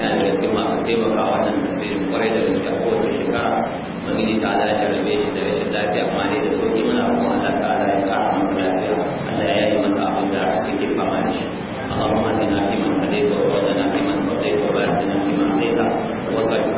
yana da gaske masu taimaka wannan tasirin kwarai da gaske a kowace shekara wani ta Allah ya rabe shi da rashin lafiya amma ne da sauki muna kuma Allah ta Allah ya kara masa lafiya Allah ya yi masa abin da suke fama da shi اللهم اتنا فيمن هديت وبارك فيمن اعطيت وبارك لنا فيما اعطيت وصل